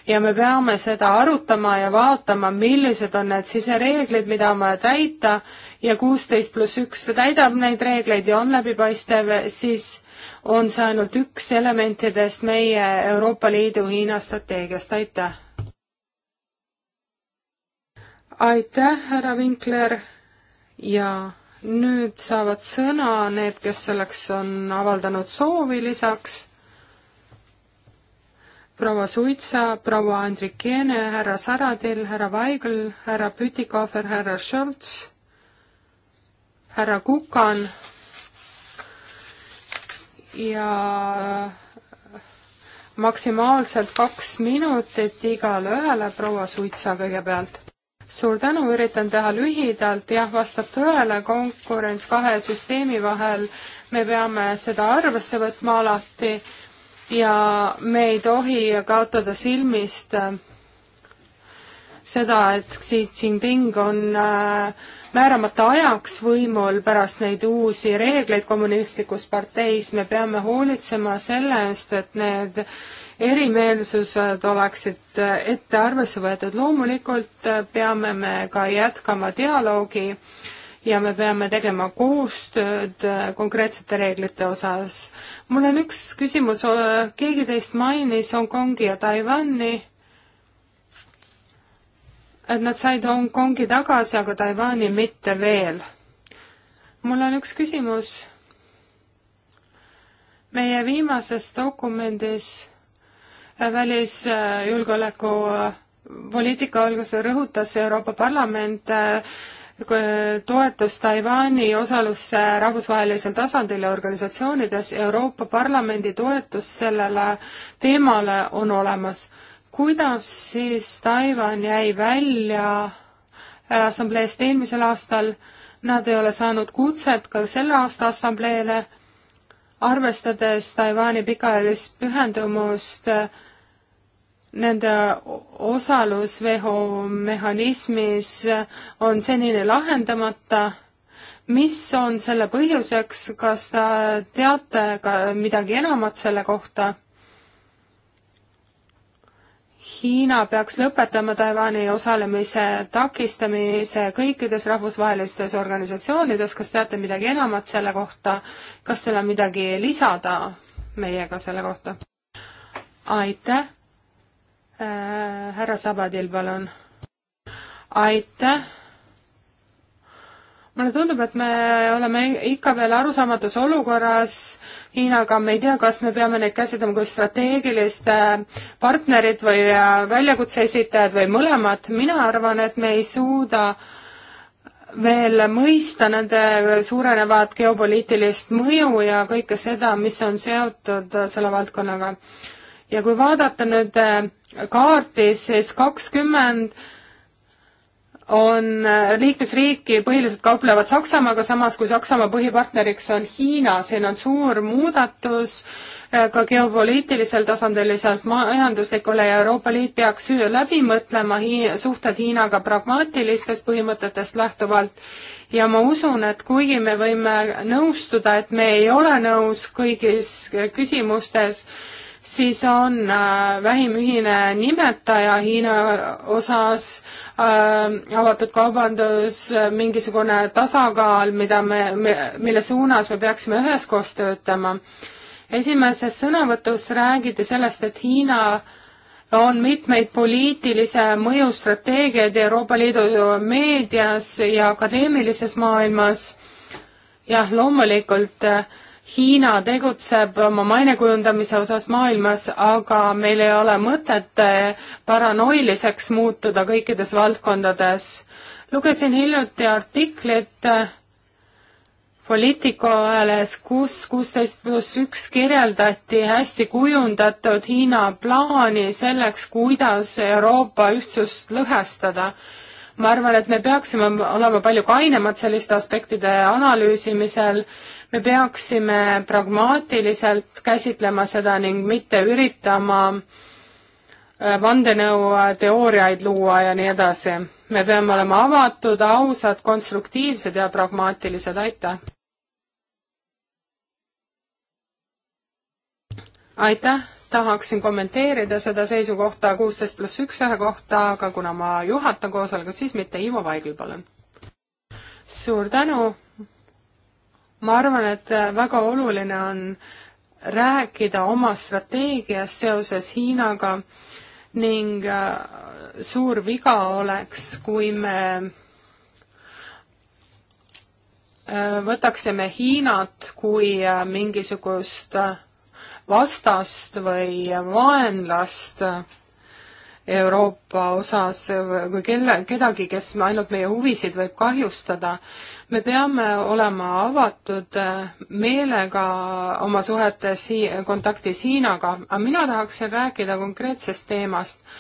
ja me peame seda arutama ja vaatama, millised on need sisereeglid, mida on vaja täita ja kuusteist pluss üks täidab neid reegleid ja on läbipaistev, siis on see ainult üks elementidest meie Euroopa Liidu Hiina strateegiast, aitäh! aitäh, härra Vinkler ja nüüd saavad sõna need, kes selleks on avaldanud soovi lisaks. proua Suitsa, proua Andrikiene, härra Saradil, härra Vaigel, härra Pütikofer, härra Šolts, härra Kukan ja maksimaalselt kaks minutit igale ühele, proua Suitsa kõigepealt suur tänu, üritan teha lühidalt, jah, vastab tõele, konkurents kahe süsteemi vahel, me peame seda arvesse võtma alati ja me ei tohi kaotada silmist äh, seda, et Xi Jinping on äh, määramata ajaks võimul pärast neid uusi reegleid kommunistlikus parteis, me peame hoolitsema selle eest, et need erimeelsused oleksid eh, ette arvesse võetud. loomulikult eh, peame me ka jätkama dialoogi ja me peame tegema koostööd eh, konkreetsete reeglite osas. mul on üks küsimus, keegi teist mainis Hongkongi ja Taiwan'i, et nad said Hongkongi tagasi, aga Taiwan'i mitte veel. mul on üks küsimus meie viimases dokumendis välisjulgeoleku äh, poliitika alguses rõhutas Euroopa Parlament äh, äh, toetust Taiwani osalusse rahvusvahelisel tasandil ja organisatsioonides, Euroopa Parlamendi toetus sellele teemale on olemas. kuidas siis Taiwan jäi välja assambleest eelmisel aastal, nad ei ole saanud kutset ka selle aasta assambleele, arvestades Taiwani pikaajalist pühendumust äh, nende osalus WHO mehhanismis on senini lahendamata, mis on selle põhjuseks, kas te teate ka midagi enamat selle kohta? Hiina peaks lõpetama Taiwan'i osalemise takistamise kõikides rahvusvahelistes organisatsioonides, kas teate midagi enamat selle kohta, kas teil on midagi lisada meiega selle kohta? aitäh! Äh, härra Sabadil, palun. aitäh. mulle tundub, et me oleme ikka veel arusaamatus olukorras Hiinaga, me ei tea, kas me peame neid käsitlema kui strateegilist äh, partnerit või äh, väljakutse esitajad või mõlemat, mina arvan, et me ei suuda veel mõista nende suurenevat geopoliitilist mõju ja kõike seda, mis on seotud selle valdkonnaga. ja kui vaadata nüüd kaardis, siis kakskümmend on äh, liikmesriiki, põhiliselt kauplevad Saksamaaga, samas kui Saksamaa põhipartneriks on Hiina, siin on suur muudatus äh, ka geopoliitilisel tasandil lisas majanduslikule ja Euroopa Liit peaks läbi mõtlema hii, suhted Hiinaga pragmaatilistest põhimõtetest lähtuvalt ja ma usun, et kuigi me võime nõustuda, et me ei ole nõus kõigis äh, küsimustes, siis on äh, vähim ühine nimetaja Hiina osas äh, avatud kaubandus, äh, mingisugune tasakaal, mida me, me, mille suunas me peaksime üheskoos töötama. esimeses sõnavõtus räägiti sellest, et Hiina on mitmeid poliitilise mõju strateegiaid Euroopa Liidu meedias ja akadeemilises maailmas. jah, loomulikult äh, Hiina tegutseb oma mainekujundamise osas maailmas, aga meil ei ole mõtet paranoiliseks muutuda kõikides valdkondades. lugesin hiljuti artiklit äh, Politico ajalehes, kus kuusteist pluss üks kirjeldati hästi kujundatud Hiina plaani selleks, kuidas Euroopa ühtsust lõhestada ma arvan, et me peaksime olema palju kainemad selliste aspektide analüüsimisel me peaksime pragmaatiliselt käsitlema seda ning mitte üritama äh, vandenõuteooriaid luua ja nii edasi. me peame olema avatud, ausad, konstruktiivsed ja pragmaatilised, aitäh! aitäh, tahaksin kommenteerida seda seisukohta kuusteist pluss üks ühe kohta, aga kuna ma juhatan koosolekut, siis mitte, Ivo Vaigel, palun. suur tänu, ma arvan, et väga oluline on rääkida oma strateegiast seoses Hiinaga ning äh, suur viga oleks, kui me äh, võtaksime Hiinat kui äh, mingisugust vastast või vaenlast Euroopa osas kui kelle, kedagi, kes ainult meie huvisid võib kahjustada. me peame olema avatud äh, meelega oma suhetes, kontaktis Hiinaga, aga mina tahaksin rääkida konkreetsest teemast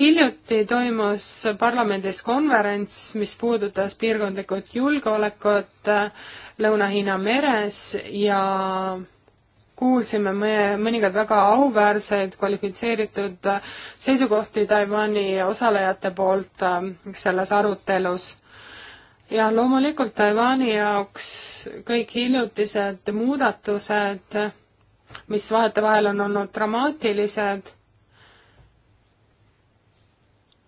hiljuti toimus parlamendis konverents, mis puudutas piirkondlikult julgeolekut äh, Lõuna-Hiina meres ja kuulsime mõne, mõningaid väga auväärseid kvalifitseeritud seisukohti Taiwan'i osalejate poolt ähm, selles arutelus. ja loomulikult Taiwan'i jaoks kõik hiljutised muudatused, mis vahetevahel on olnud dramaatilised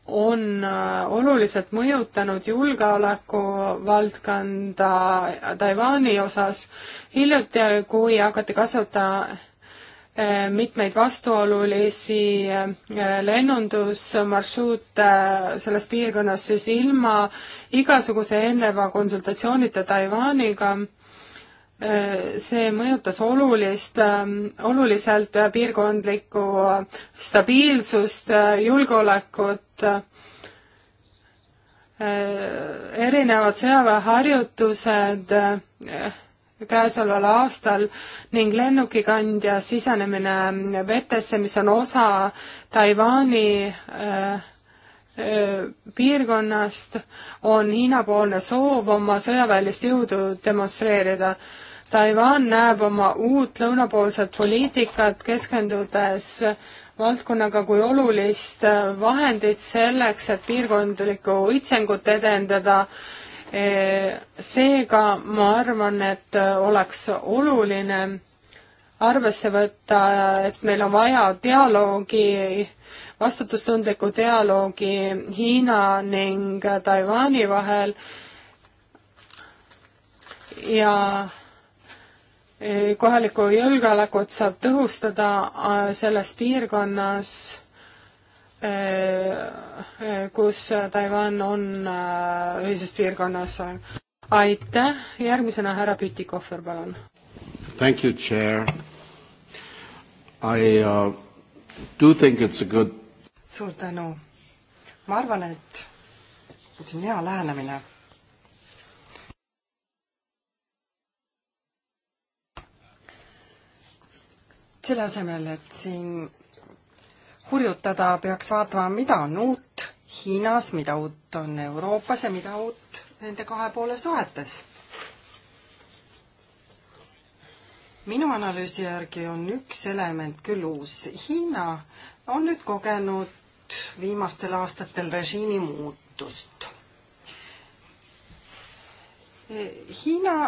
on äh, oluliselt mõjutanud julgeoleku valdkonda Taiwan'i osas. hiljuti, kui hakati kasuta äh, mitmeid vastuolulisi äh, lennundusmarsruute selles piirkonnas, siis ilma igasuguse eelneva konsultatsioonita Taiwan'iga Äh, see mõjutas olulist, ähm, oluliselt äh, piirkondlikku äh, stabiilsust, julgeolekut, erinevad sõjaväeharjutused käesoleval aastal ning lennukikandja sisenemine vetesse, mis on osa Taiwan'i piirkonnast, on Hiina-poolne soov oma sõjaväelist jõudu demonstreerida Taiwan näeb oma uut lõunapoolset poliitikat, keskendudes valdkonnaga kui olulist vahendit selleks, et piirkondlikku õitsengut edendada. Eh, seega ma arvan, et oleks oluline arvesse võtta, et meil on vaja dialoogi, vastutustundlikku dialoogi Hiina ning Taiwan'i vahel ja kohalikku julgeolekut saab tõhustada äh, selles piirkonnas, äh, äh, kus Taiwan on, ühises piirkonnas on. aitäh, järgmisena härra Pütikohver, palun. Thank you, chair. I uh, do think it's a good suur tänu. ma arvan, et see on hea lähenemine selle asemel, et siin hurjutada, peaks vaatama, mida on uut Hiinas, mida uut on Euroopas ja mida uut nende kahe poole suhetes. minu analüüsi järgi on üks element küll uus. Hiina on nüüd kogenud viimastel aastatel režiimi muutust. Hiina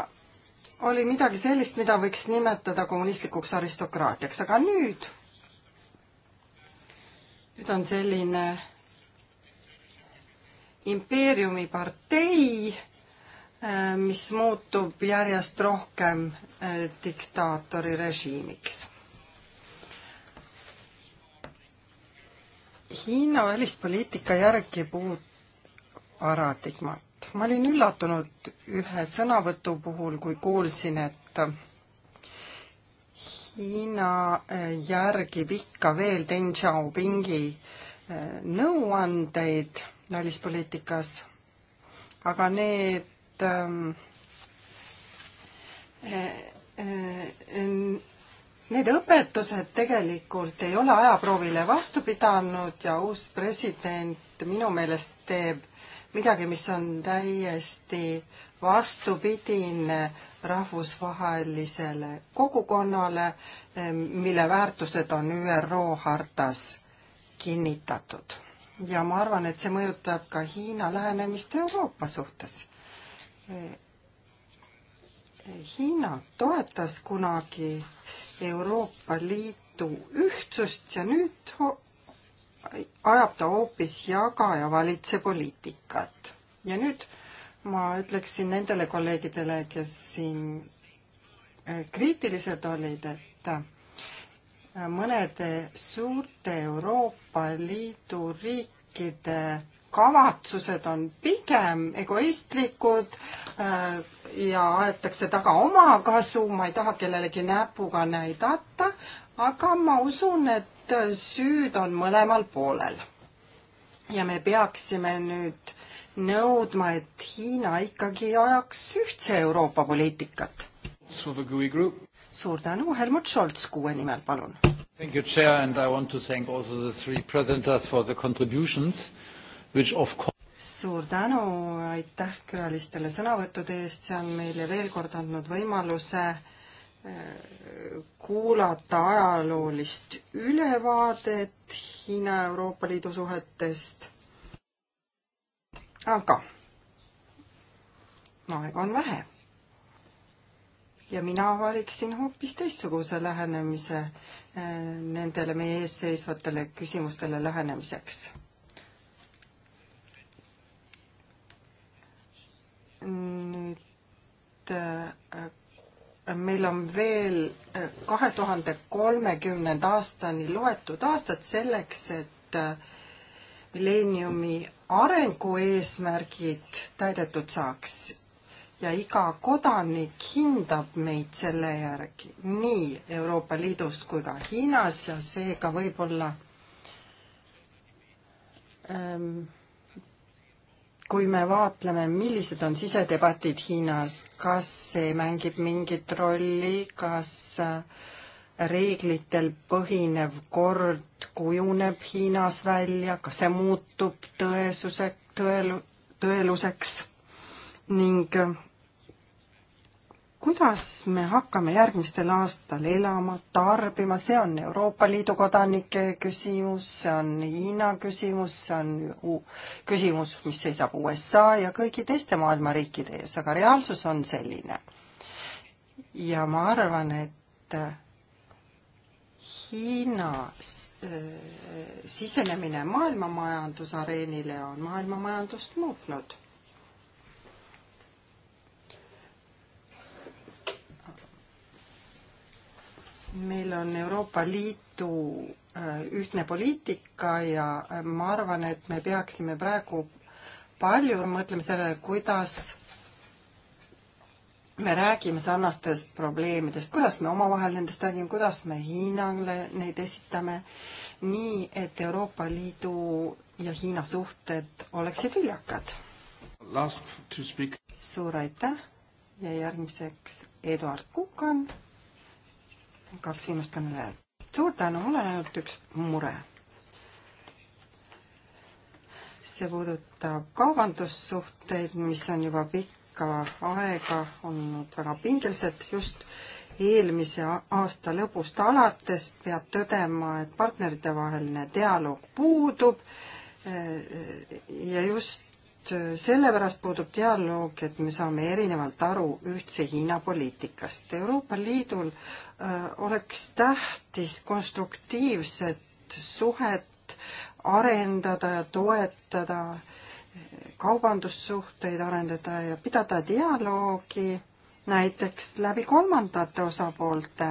oli midagi sellist, mida võiks nimetada kommunistlikuks aristokraatiaks, aga nüüd, nüüd on selline impeeriumi partei, äh, mis muutub järjest rohkem äh, diktaatori režiimiks. Hiina välispoliitika järgib uut paradigmat ma olin üllatunud ühe sõnavõtu puhul, kui kuulsin, et Hiina eh, järgib ikka veel Deng Xiaopingi eh, nõuandeid välispoliitikas, aga need ehm, eh, Need õpetused tegelikult ei ole ajaproovile vastu pidanud ja uus president minu meelest teeb midagi, mis on täiesti vastupidine rahvusvahelisele kogukonnale, mille väärtused on ÜRO hartas kinnitatud. ja ma arvan, et see mõjutab ka Hiina lähenemist Euroopa suhtes. Hiina toetas kunagi Euroopa Liidu ühtsust ja nüüd ajab ta hoopis jagaja valitse poliitikat. ja nüüd ma ütleksin nendele kolleegidele, kes siin äh, kriitilised olid, et äh, mõnede suurte Euroopa Liidu riikide kavatsused on pigem egoistlikud äh, ja aetakse taga oma kasu, ma ei taha kellelegi näpuga näidata, aga ma usun, et et süüd on mõlemal poolel. ja me peaksime nüüd nõudma, et Hiina ikkagi ajaks ühtse Euroopa poliitikat. suur tänu, Helmut Scholz kuue nimel, palun. Thank you, Chair, and I want to thank also the three presenters for the contributions, which of course suur tänu, aitäh külalistele sõnavõttude eest, see on meile veel kord andnud võimaluse äh, kuulata ajaloolist ülevaadet Hiina ja Euroopa Liidu suhetest. aga aega on vähe. ja mina valiksin hoopis teistsuguse lähenemise eh, nendele meie ees seisvatele küsimustele lähenemiseks nüüd eh, meil on veel äh, kahe tuhande kolmekümnenda aastani loetud aastad selleks, et äh, milleeniumi arengueesmärgid täidetud saaks ja iga kodanik hindab meid selle järgi nii Euroopa Liidus kui ka Hiinas ja seega võib-olla ähm, kui me vaatleme, millised on sisedebatid Hiinas, kas see mängib mingit rolli, kas äh, reeglitel põhinev kord kujuneb Hiinas välja, kas see muutub tõesuse, tõel-, tõeluseks ning äh, kuidas me hakkame järgmistel aastal elama, tarbima, see on Euroopa Liidu kodanike küsimus, see on Hiina küsimus, see on küsimus, mis seisab USA ja kõigi teiste maailma riikide ees, aga reaalsus on selline. ja ma arvan, et äh, Hiina äh, sisenemine maailma majandusareenile on maailma majandust muutnud meil on Euroopa Liidu äh, ühtne poliitika ja äh, ma arvan, et me peaksime praegu palju mõtlema sellele, kuidas me räägime sarnastest probleemidest, kuidas me omavahel nendest räägime, kuidas me Hiinale neid esitame, nii et Euroopa Liidu ja Hiina suhted oleksid viljakad. suur aitäh ja järgmiseks Eduard Kukan kaks viimast kõnelejat. suur tänu, mul on ainult üks mure. see puudutab kaubandussuhteid, mis on juba pikka aega olnud väga pingelised, just eelmise aasta lõpust alates peab tõdema, et partneritevaheline dialoog puudub ja just Äh, sellepärast puudub dialoog, et me saame erinevalt aru ühtse Hiina poliitikast. Euroopa Liidul äh, oleks tähtis konstruktiivset suhet arendada ja toetada, äh, kaubandussuhteid arendada ja pidada dialoogi näiteks läbi kolmandate osapoolte.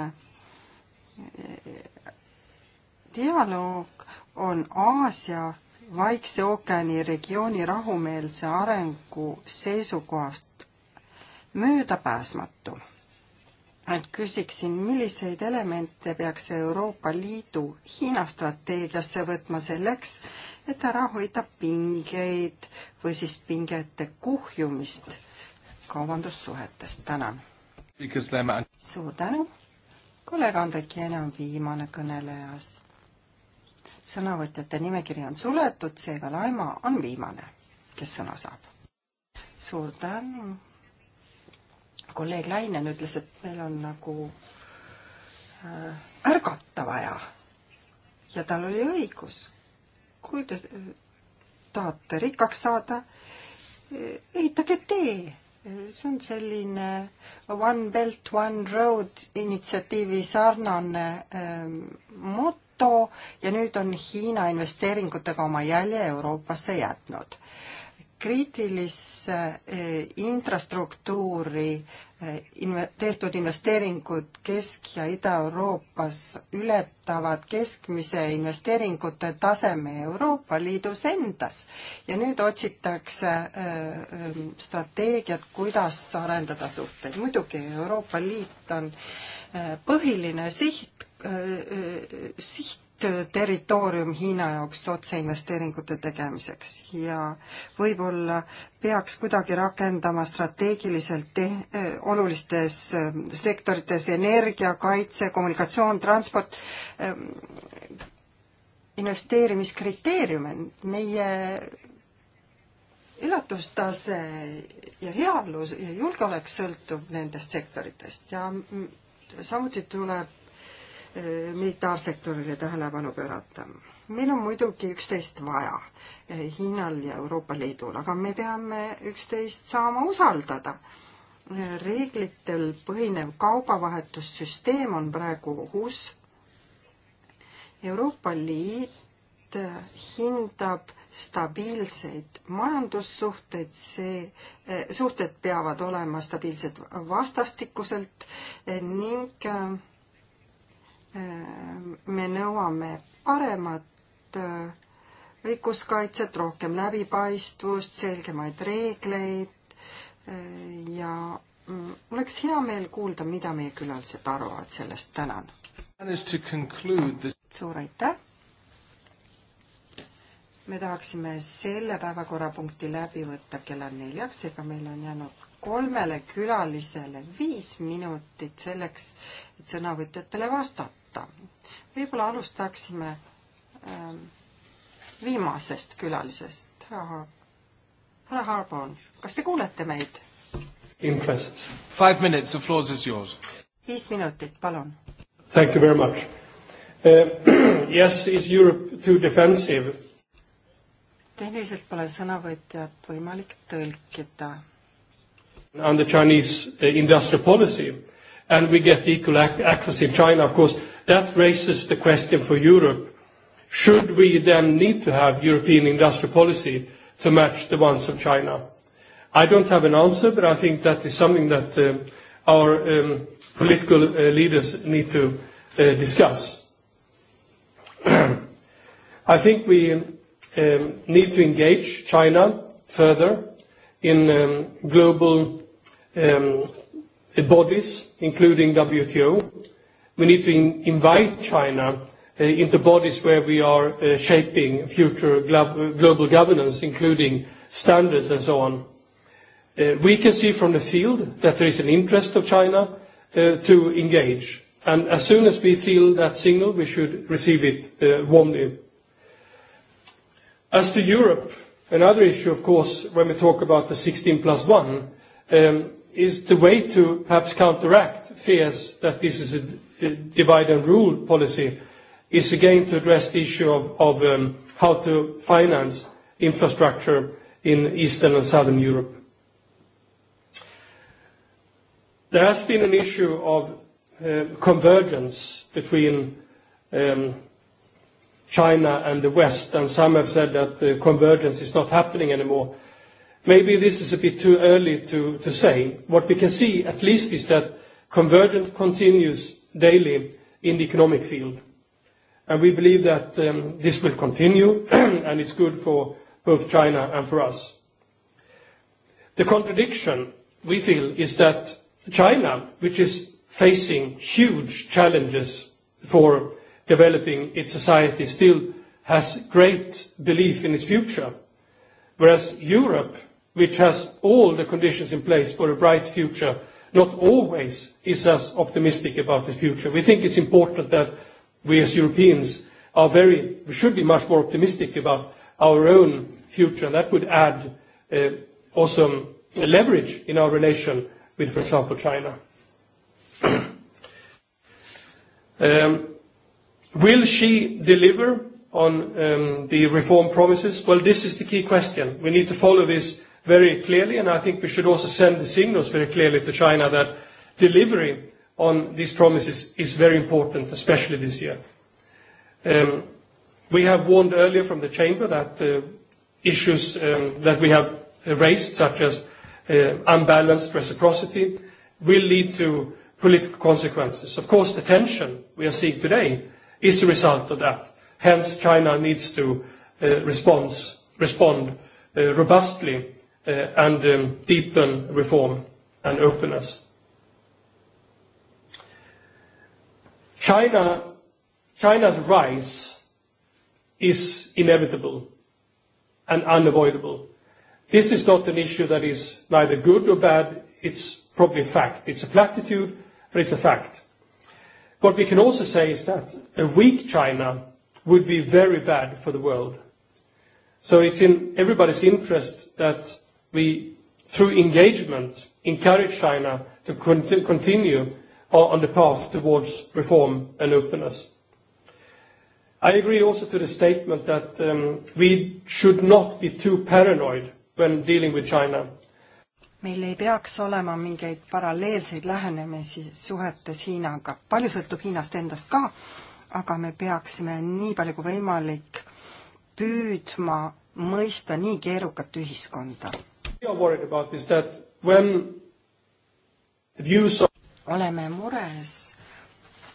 dialoog on Aasia Vaikse ookeani regiooni rahumeelse arengu seisukohast möödapääsmatu. et küsiksin, milliseid elemente peaks Euroopa Liidu Hiina strateegiasse võtma selleks, et ära hoida pingeid või siis pingete kuhjumist kaubandussuhetest. tänan. suur tänu. kolleeg Andrek Jene on viimane kõneleja sõnavõtjate nimekiri on suletud, seega Laima on viimane, kes sõna saab. suur tänu. kolleeg Lainen ütles, et meil on nagu äh, ärgata vaja. ja tal oli õigus. kui te tahate rikkaks saada, äh, ehitage tee see on selline One Belt, One Road initsiatiivi sarnane ähm, moto, NATO ja nüüd on Hiina investeeringutega oma jälje Euroopasse jätnud. kriitilisse eh, infrastruktuuri eh, inve-, tehtud investeeringud Kesk- ja Ida-Euroopas ületavad keskmise investeeringute taseme Euroopa Liidus endas. ja nüüd otsitakse eh, strateegiat, kuidas arendada suhteid. muidugi Euroopa Liit on äh, põhiline siht, sihtterritoorium Hiina jaoks otseinvesteeringute tegemiseks ja võib-olla peaks kuidagi rakendama strateegiliselt te-, olulistes äh, sektorites energia, kaitse, kommunikatsioon, transport, ähm, investeerimiskriteeriume, meie elatustase ja heaolu ja julgeolek sõltub nendest sektoritest ja samuti tuleb eh, militaarsektorile tähelepanu pöörata. meil on muidugi üksteist vaja, eh, Hiinal ja Euroopa Liidul, aga me peame üksteist saama usaldada. Eh, reeglitel põhinev kaubavahetussüsteem on praegu ohus. Euroopa Liit hindab stabiilseid majandussuhteid, see, eh, suhted peavad olema stabiilsed vastastikuselt eh, ning eh, me nõuame paremat õiguskaitset, rohkem läbipaistvust, selgemaid reegleid ja mm, oleks hea meel kuulda, mida meie külalised arvavad sellest, tänan. suur aitäh! me tahaksime selle päevakorrapunkti läbi võtta kella neljaks, seega meil on jäänud kolmele külalisele viis minutit selleks, et sõnavõtjatele vastata. võib-olla alustaksime ähm, viimasest külalisest, härra Har-, härra Harbon, kas te kuulete meid? Interest. Five minutes, the floor is yours. viis minutit, palun. Thank you very much uh,. Yes, is Europe too defensive? tehniliselt pole sõnavõtjat võimalik tõlkida. On the Chinese uh, industrial policy and we get equal access in China, of course, that raises the question for Europe. Should we then need to have European industrial policy to match the ones of China? I don't have an answer, but I think that is something that uh, our um, political uh, leaders need to uh, discuss. I think we um, um, need to engage China further in um, global um, bodies, including WTO. We need to in invite China uh, into bodies where we are uh, shaping future glo global governance, including standards and so on. Uh, we can see from the field that there is an interest of China uh, to engage, and as soon as we feel that signal, we should receive it uh, warmly. As to Europe, another issue, of course, when we talk about the 16 plus 1, um, is the way to perhaps counteract fears that this is a, a divide and rule policy is again to address the issue of, of um, how to finance infrastructure in Eastern and Southern Europe. There has been an issue of uh, convergence between um, China and the West, and some have said that the convergence is not happening anymore. Maybe this is a bit too early to, to say. What we can see at least is that convergence continues daily in the economic field. And we believe that um, this will continue, and it's good for both China and for us. The contradiction, we feel, is that China, which is facing huge challenges for developing its society still has great belief in its future. Whereas Europe, which has all the conditions in place for a bright future, not always is as optimistic about the future. We think it's important that we as Europeans are very, we should be much more optimistic about our own future, and that would add uh, also leverage in our relation with, for example, China. um, Will she deliver on um, the reform promises? Well, this is the key question. We need to follow this very clearly, and I think we should also send the signals very clearly to China that delivery on these promises is very important, especially this year. Um, we have warned earlier from the chamber that uh, issues um, that we have raised, such as uh, unbalanced reciprocity, will lead to political consequences. Of course, the tension we are seeing today is a result of that. Hence, China needs to uh, response, respond uh, robustly uh, and um, deepen reform and openness. China, China's rise is inevitable and unavoidable. This is not an issue that is neither good or bad. It's probably a fact. It's a platitude, but it's a fact. What we can also say is that a weak China would be very bad for the world. So it's in everybody's interest that we, through engagement, encourage China to cont- continue on the path towards reform and openness. I agree also to the statement that um, we should not be too paranoid when dealing with China meil ei peaks olema mingeid paralleelseid lähenemisi suhetes Hiinaga. palju sõltub Hiinast endast ka, aga me peaksime nii palju kui võimalik püüdma mõista nii keerukat ühiskonda. oleme mures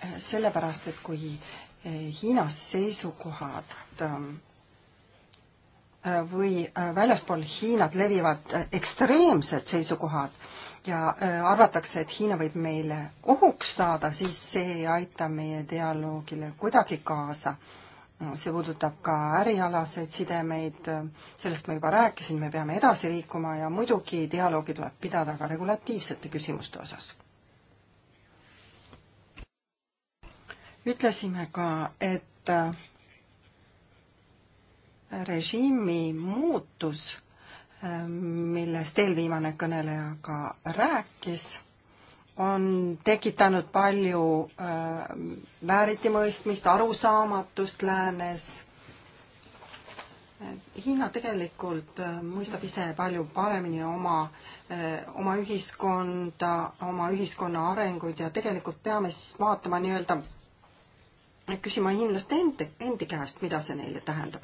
eh, sellepärast, et kui eh, Hiinas seisukohad ehm, või äh, väljaspool Hiinat levivad äh, ekstreemsed seisukohad ja äh, arvatakse, et Hiina võib meile ohuks saada, siis see ei aita meie dialoogile kuidagi kaasa. see puudutab ka ärialaseid sidemeid, sellest ma juba rääkisin, me peame edasi liikuma ja muidugi dialoogi tuleb pidada ka regulatiivsete küsimuste osas. ütlesime ka, et režiimi muutus, millest eelviimane kõneleja ka rääkis, on tekitanud palju äh, vääritimõistmist, arusaamatust läänes Hiina tegelikult äh, mõistab ise palju paremini oma, äh, oma ühiskonda, oma ühiskonna arenguid ja tegelikult peame siis vaatama nii-öelda, küsima hiinlaste endi, endi käest, mida see neile tähendab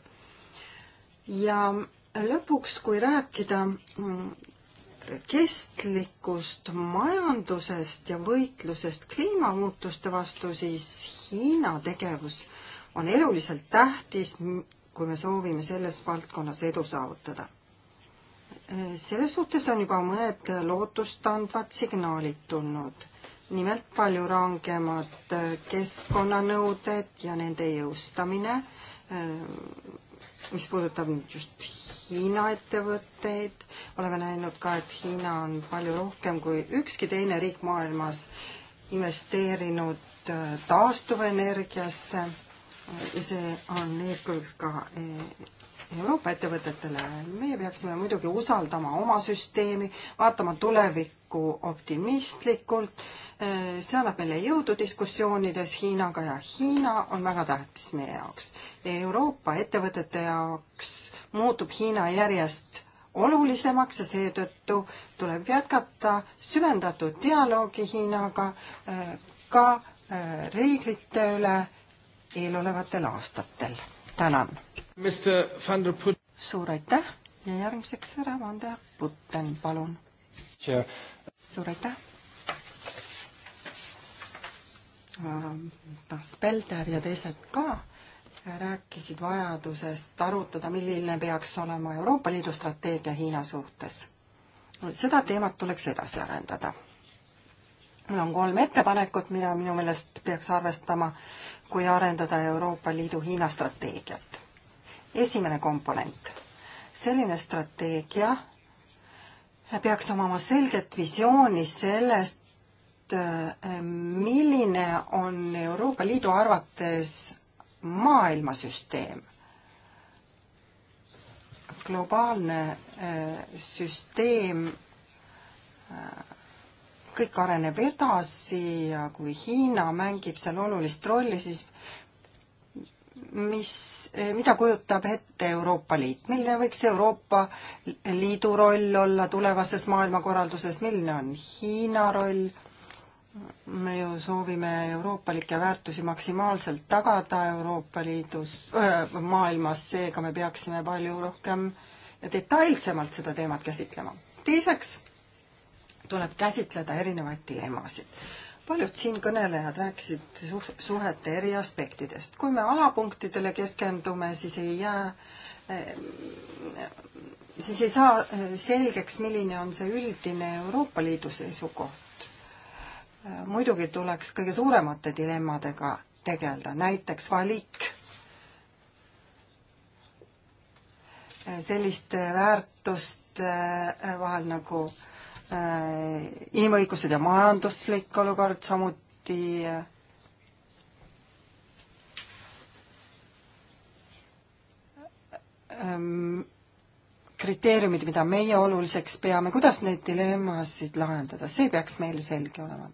ja lõpuks, kui rääkida mm, kestlikust majandusest ja võitlusest kliimamuutuste vastu, siis Hiina tegevus on eluliselt tähtis, kui me soovime selles valdkonnas edu saavutada. selles suhtes on juba mõned lootustandvad signaalid tulnud. nimelt palju rangemad keskkonnanõuded ja nende jõustamine mis puudutab nüüd just Hiina ettevõtteid, oleme näinud ka, et Hiina on palju rohkem kui ükski teine riik maailmas investeerinud äh, taastuvenergiasse ja see on eeskujuks ka äh, Euroopa ettevõtetele. meie peaksime muidugi usaldama oma süsteemi, vaatama tulevik, kokku optimistlikult. Äh, see annab meile jõudu diskussioonides Hiinaga ja Hiina on väga tähtis meie jaoks. Euroopa ettevõtete jaoks muutub Hiina järjest olulisemaks ja seetõttu tuleb jätkata süvendatud dialoogi Hiinaga äh, ka äh, reeglite üle eelolevatel aastatel. tänan. suur aitäh ja järgmiseks härra Van der Putten, palun suur aitäh! Ähm, Spelter ja teised ka rääkisid vajadusest arutada, milline peaks olema Euroopa Liidu strateegia Hiina suhtes. seda teemat tuleks edasi arendada. mul on kolm ettepanekut, mida minu meelest peaks arvestama, kui arendada Euroopa Liidu Hiina strateegiat. esimene komponent. selline strateegia peaks omama selget visiooni sellest, äh, milline on Euroopa Liidu arvates maailmasüsteem. globaalne äh, süsteem, äh, kõik areneb edasi ja kui Hiina mängib seal olulist rolli, siis mis, mida kujutab ette Euroopa Liit, milline võiks Euroopa Liidu roll olla tulevases maailmakorralduses, milline on Hiina roll? me ju soovime euroopalikke väärtusi maksimaalselt tagada Euroopa Liidus äh,, maailmas, seega me peaksime palju rohkem ja detailsemalt seda teemat käsitlema. teiseks tuleb käsitleda erinevaid dilemmasid paljud siinkõnelejad rääkisid suh-, suhete eri aspektidest. kui me alapunktidele keskendume, siis ei jää eh, siis ei saa eh, selgeks, milline on see üldine Euroopa Liidu seisukoht. Eh, muidugi tuleks kõige suuremate dilemmadega tegeleda, näiteks valik. selliste väärtuste vahel nagu äh, Äh, inimõigused ja majanduslik olukord, samuti äh, ähm, kriteeriumid, mida meie oluliseks peame, kuidas neid dilemmasid lahendada, see peaks meile selge olema.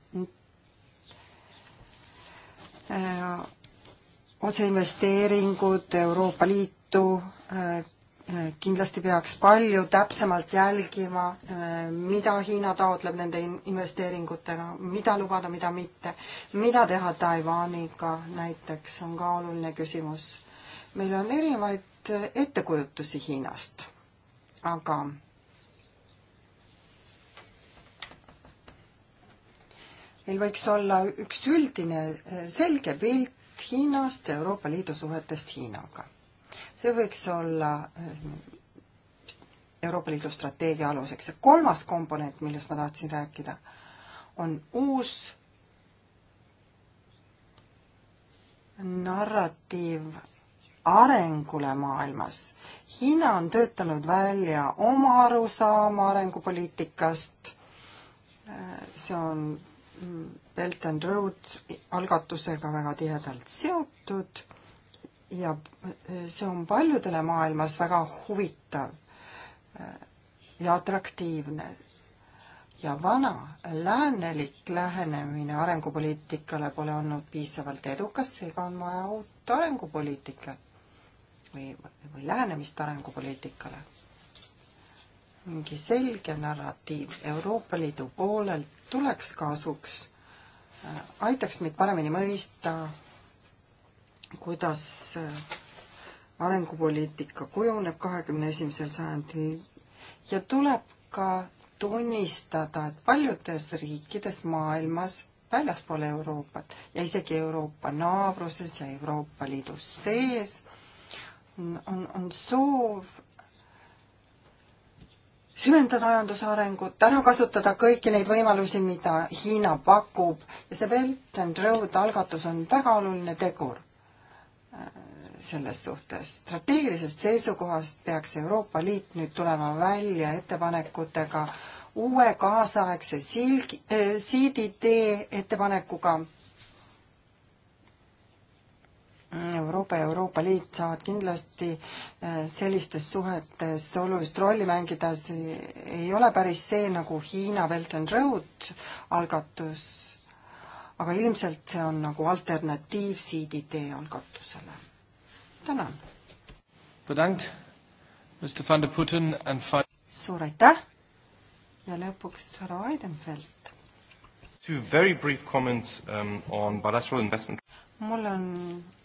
Äh, otseinvesteeringud Euroopa Liitu, Äh, kindlasti peaks palju täpsemalt jälgima, äh, mida Hiina taotleb nende investeeringutega, mida lubada, mida mitte. mida teha Taiwaniga näiteks, on ka oluline küsimus. meil on erinevaid äh, ettekujutusi Hiinast, aga meil võiks olla üks üldine selge pilt Hiinast ja Euroopa Liidu suhetest Hiinaga see võiks olla äh, Euroopa Liidu strateegia aluseks ja kolmas komponent, millest ma tahtsin rääkida, on uus narratiiv arengule maailmas. Hiina on töötanud välja oma arusaama arengupoliitikast, äh, see on mm, Belt and Road algatusega väga tihedalt seotud ja äh, see on paljudele maailmas väga huvitav äh, ja atraktiivne. ja vana läänelik lähenemine arengupoliitikale pole olnud piisavalt edukas, seega on vaja uut arengupoliitikat või, või lähenemist arengupoliitikale. mingi selge narratiiv Euroopa Liidu poolelt tuleks kasuks, äh, aitaks meid paremini mõista kuidas äh, arengupoliitika kujuneb kahekümne esimesel sajandil ja tuleb ka tunnistada, et paljudes riikides maailmas väljaspool Euroopat ja isegi Euroopa naabruses ja Euroopa Liidus sees on, on, on soov süvendada majanduse arengut, ära kasutada kõiki neid võimalusi, mida Hiina pakub ja see Belt and Road algatus on väga oluline tegur selles suhtes. strateegilisest seisukohast peaks Euroopa Liit nüüd tulema välja ettepanekutega uue kaasaegse silgi äh,, eh, siiditee ettepanekuga. Euroopa ja Euroopa Liit saavad kindlasti eh, sellistes suhetes olulist rolli mängida, see ei ole päris see, nagu Hiina Belt and Road algatus aga ilmselt see on nagu alternatiiv siiditee algatusele. tänan. suur aitäh ja lõpuks härra Weidenfeld. Two very brief comments um, on bilateral investment. mul on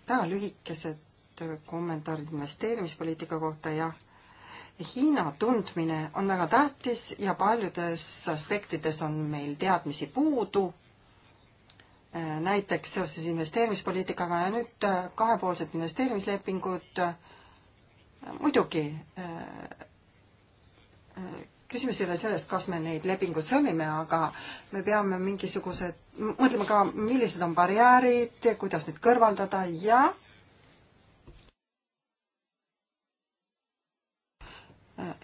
väga lühikesed äh, kommentaarid investeerimispoliitika kohta, jah Hiina tundmine on väga tähtis ja paljudes aspektides on meil teadmisi puudu näiteks seoses investeerimispoliitikaga ja nüüd äh, kahepoolsed investeerimislepingud. Äh, muidugi äh, küsimus ei ole selles, kas me neid lepinguid sõlmime, aga me peame mingisugused, mõtleme ka, millised on barjäärid, kuidas need kõrvaldada ja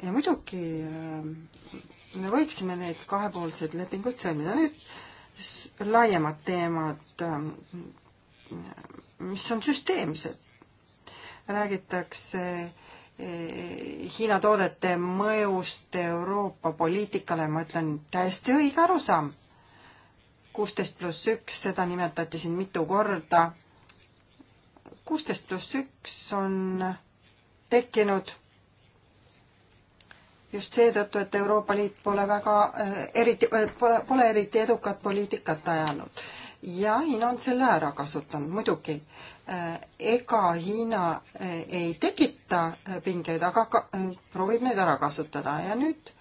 ja muidugi me võiksime neid kahepoolseid lepinguid sõlmida. nüüd laiemad teemad, ähm, mis on süsteemsed. räägitakse e, Hiina toodete mõjust Euroopa poliitikale, ma ütlen, täiesti õige arusaam. kuusteist pluss üks, seda nimetati siin mitu korda. kuusteist pluss üks on tekkinud just seetõttu, et Euroopa Liit pole väga äh, eriti, äh, pole, pole eriti edukat poliitikat ajanud. ja Hiina on selle ära kasutanud, muidugi. Äh, ega Hiina ei tekita pingeid, aga ka, proovib neid ära kasutada ja nüüd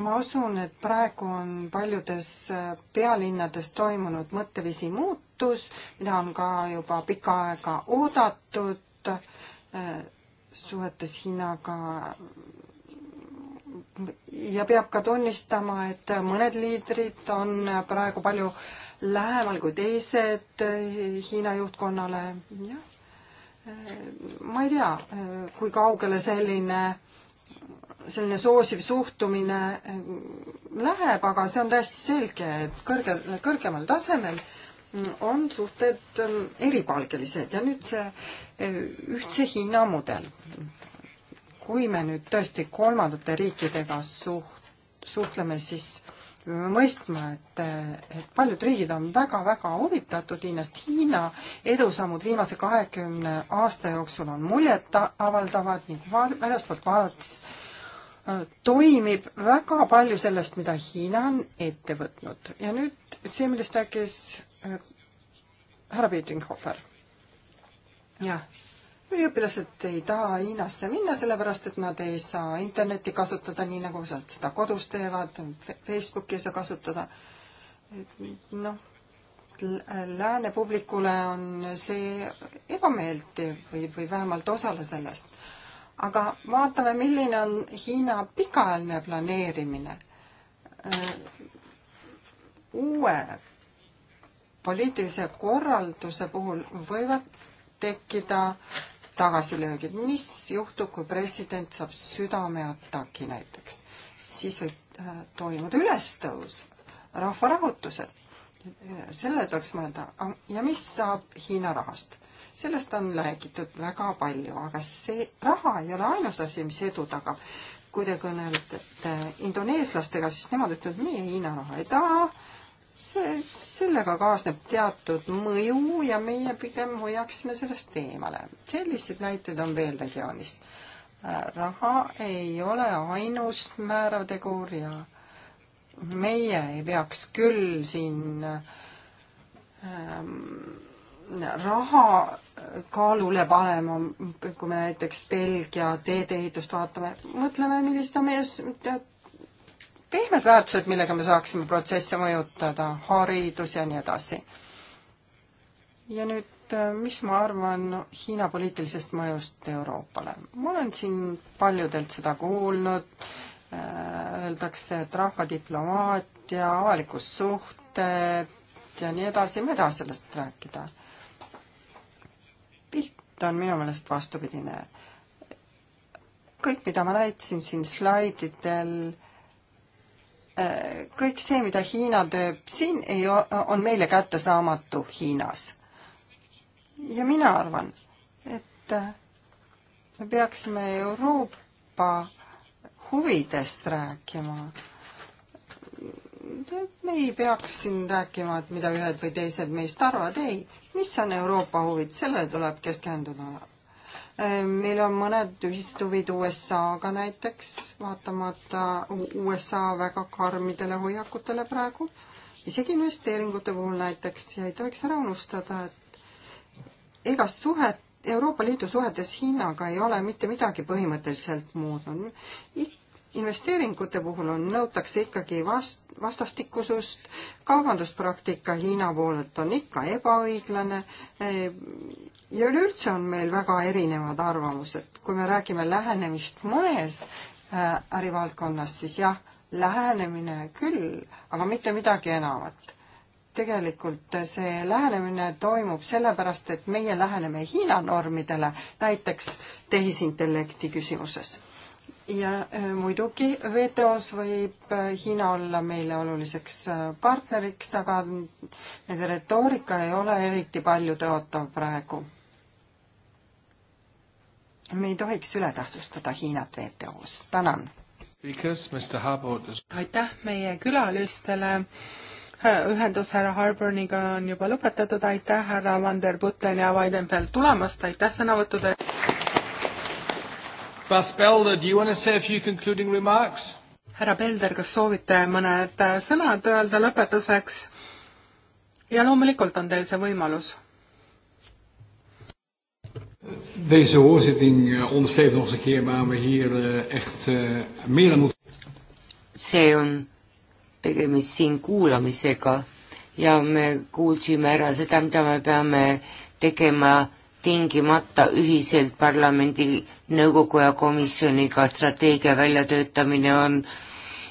ma usun, et praegu on paljudes äh, pealinnades toimunud mõtteviisi muutus, mida on ka juba pikka aega oodatud äh, suhetes Hiinaga. ja peab ka tunnistama, et mõned liidrid on praegu palju lähemal kui teised äh, Hiina juhtkonnale. jah, ma ei tea, kui kaugele selline selline soosiv suhtumine mm, läheb, aga see on täiesti selge, et kõrgel, kõrgemal tasemel mm, on suhted mm, eripalgelised ja nüüd see eh, ühtse Hiina mudel. kui me nüüd tõesti kolmandate riikidega suht-, suhtleme, siis peame mõistma, et, eh, et paljud riigid on väga-väga huvitatud Hiinast. Hiina edusammud viimase kahekümne aasta jooksul on muljetavaldavad ning väljastpoolt vaadates toimib väga palju sellest, mida Hiina on ette võtnud. ja nüüd see, millest rääkis äh, härra Peetinghofer. jah, üliõpilased ei taha Hiinasse minna, sellepärast et nad ei saa internetti kasutada nii, nagu nad seda kodus teevad, Facebooki ei saa kasutada. noh, lääne publikule on see ebameeldiv või, või vähemalt osale sellest aga vaatame, milline on Hiina pikaajaline planeerimine äh, uue poliitilise korralduse puhul võivad tekkida tagasilöögid. mis juhtub, kui president saab südameataki näiteks? siis võib äh, toimuda ülestõus, rahvarahutused. sellele tuleks mõelda. ja mis saab Hiina rahast? sellest on räägitud väga palju, aga see raha ei ole ainus asi, mis edu tagab. kui te kõnelete indoneeslastega, siis nemad ütlevad, meie Hiina raha ei taha, see, sellega kaasneb teatud mõju ja meie pigem hoiaksime sellest eemale. selliseid näiteid on veel regioonis. raha ei ole ainus määrav tegur ja meie ei peaks küll siin ähm, raha kaalule panema, kui me näiteks Belgia teedeehitust vaatame, mõtleme, millised on meie pehmed väärtused, millega me saaksime protsesse mõjutada, haridus ja nii edasi. ja nüüd, mis ma arvan Hiina poliitilisest mõjust Euroopale? ma olen siin paljudelt seda kuulnud, öeldakse, et rahvadiplomaatia, avalikus suhted ja nii edasi, ma ei taha sellest rääkida pilt on minu meelest vastupidine. kõik, mida ma näitasin siin slaididel, äh, kõik see, mida Hiina teeb, siin ei, on meile kättesaamatu Hiinas. ja mina arvan, et äh, me peaksime Euroopa huvidest rääkima. me ei peaks siin rääkima, et mida ühed või teised meist arvavad, ei mis on Euroopa huvid, sellele tuleb keskenduda. Äh, meil on mõned ühised huvid USA-ga näiteks, vaatamata USA väga karmidele hoiakutele praegu, isegi investeeringute puhul näiteks ja ei tohiks ära unustada, et ega suhet Euroopa Liidu suhetes Hiinaga ei ole mitte midagi põhimõtteliselt muutunud investeeringute puhul on, nõutakse ikkagi vast-, vastastikusust, kaubanduspraktika Hiina poolelt on ikka ebaõiglane eh, ja üleüldse on meil väga erinevad arvamused. kui me räägime lähenemist mõnes eh, ärivaldkonnas, siis jah, lähenemine küll, aga mitte midagi enamat. tegelikult see lähenemine toimub sellepärast, et meie läheneme Hiina normidele, näiteks tehisintellekti küsimuses ja äh, muidugi WTO-s võib äh, Hiina olla meile oluliseks äh, partneriks, aga nende retoorika ei ole eriti palju tõotav praegu. me ei tohiks ületähtsustada Hiinat WTO-s, tänan. aitäh meie külalistele. ühendus härra Harborniga on juba lõpetatud, aitäh härra Vander Putten ja Weidenfeld tulemast, aitäh sõnavõttude eest. Bas Belder, do you want to say a few concluding remarks? härra Pelder, kas soovite mõned äh, sõnad öelda lõpetuseks? ja loomulikult on teil see võimalus. Deze hoorzitting äh, onderstreept nog een keer waar we hier äh, echt meer aan moeten. see on tegemist siin kuulamisega ja me kuulsime ära seda, mida me peame tegema tingimata ühiselt parlamendi nõukogu ja komisjoniga strateegia väljatöötamine on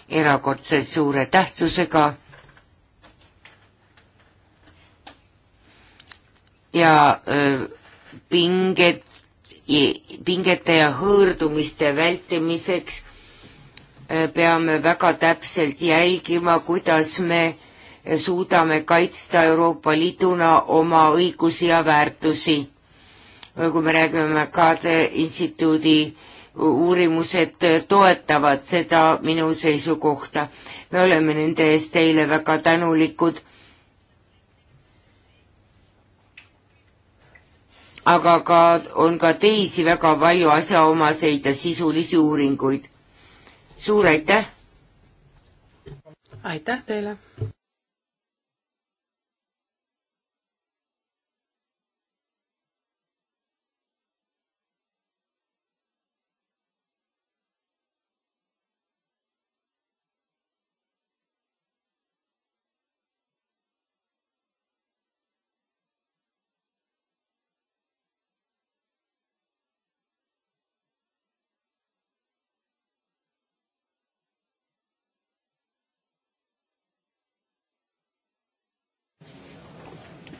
erakordselt suure tähtsusega ja öö, äh, pinged, pingete ja hõõrdumiste vältimiseks öö, äh, peame väga täpselt jälgima, kuidas me äh, suudame kaitsta Euroopa Liiduna oma õigusi ja väärtusi kui me räägime Kadri instituudi uurimused toetavad seda minu seisukohta. me oleme nende eest teile väga tänulikud. aga ka, on ka teisi väga palju asjaomaseid ja sisulisi uuringuid. suur aitäh! aitäh teile!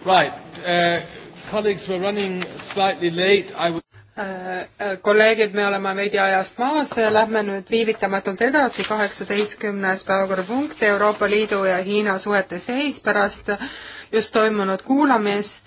Right. Uh, colleagues, we're running slightly late. I would äh, äh, kolleegid, me oleme veidi ajast maas, lähme nüüd viivitamatult edasi, kaheksateistkümnes päevakorrapunkt Euroopa Liidu ja Hiina suhete seis pärast just toimunud kuulamist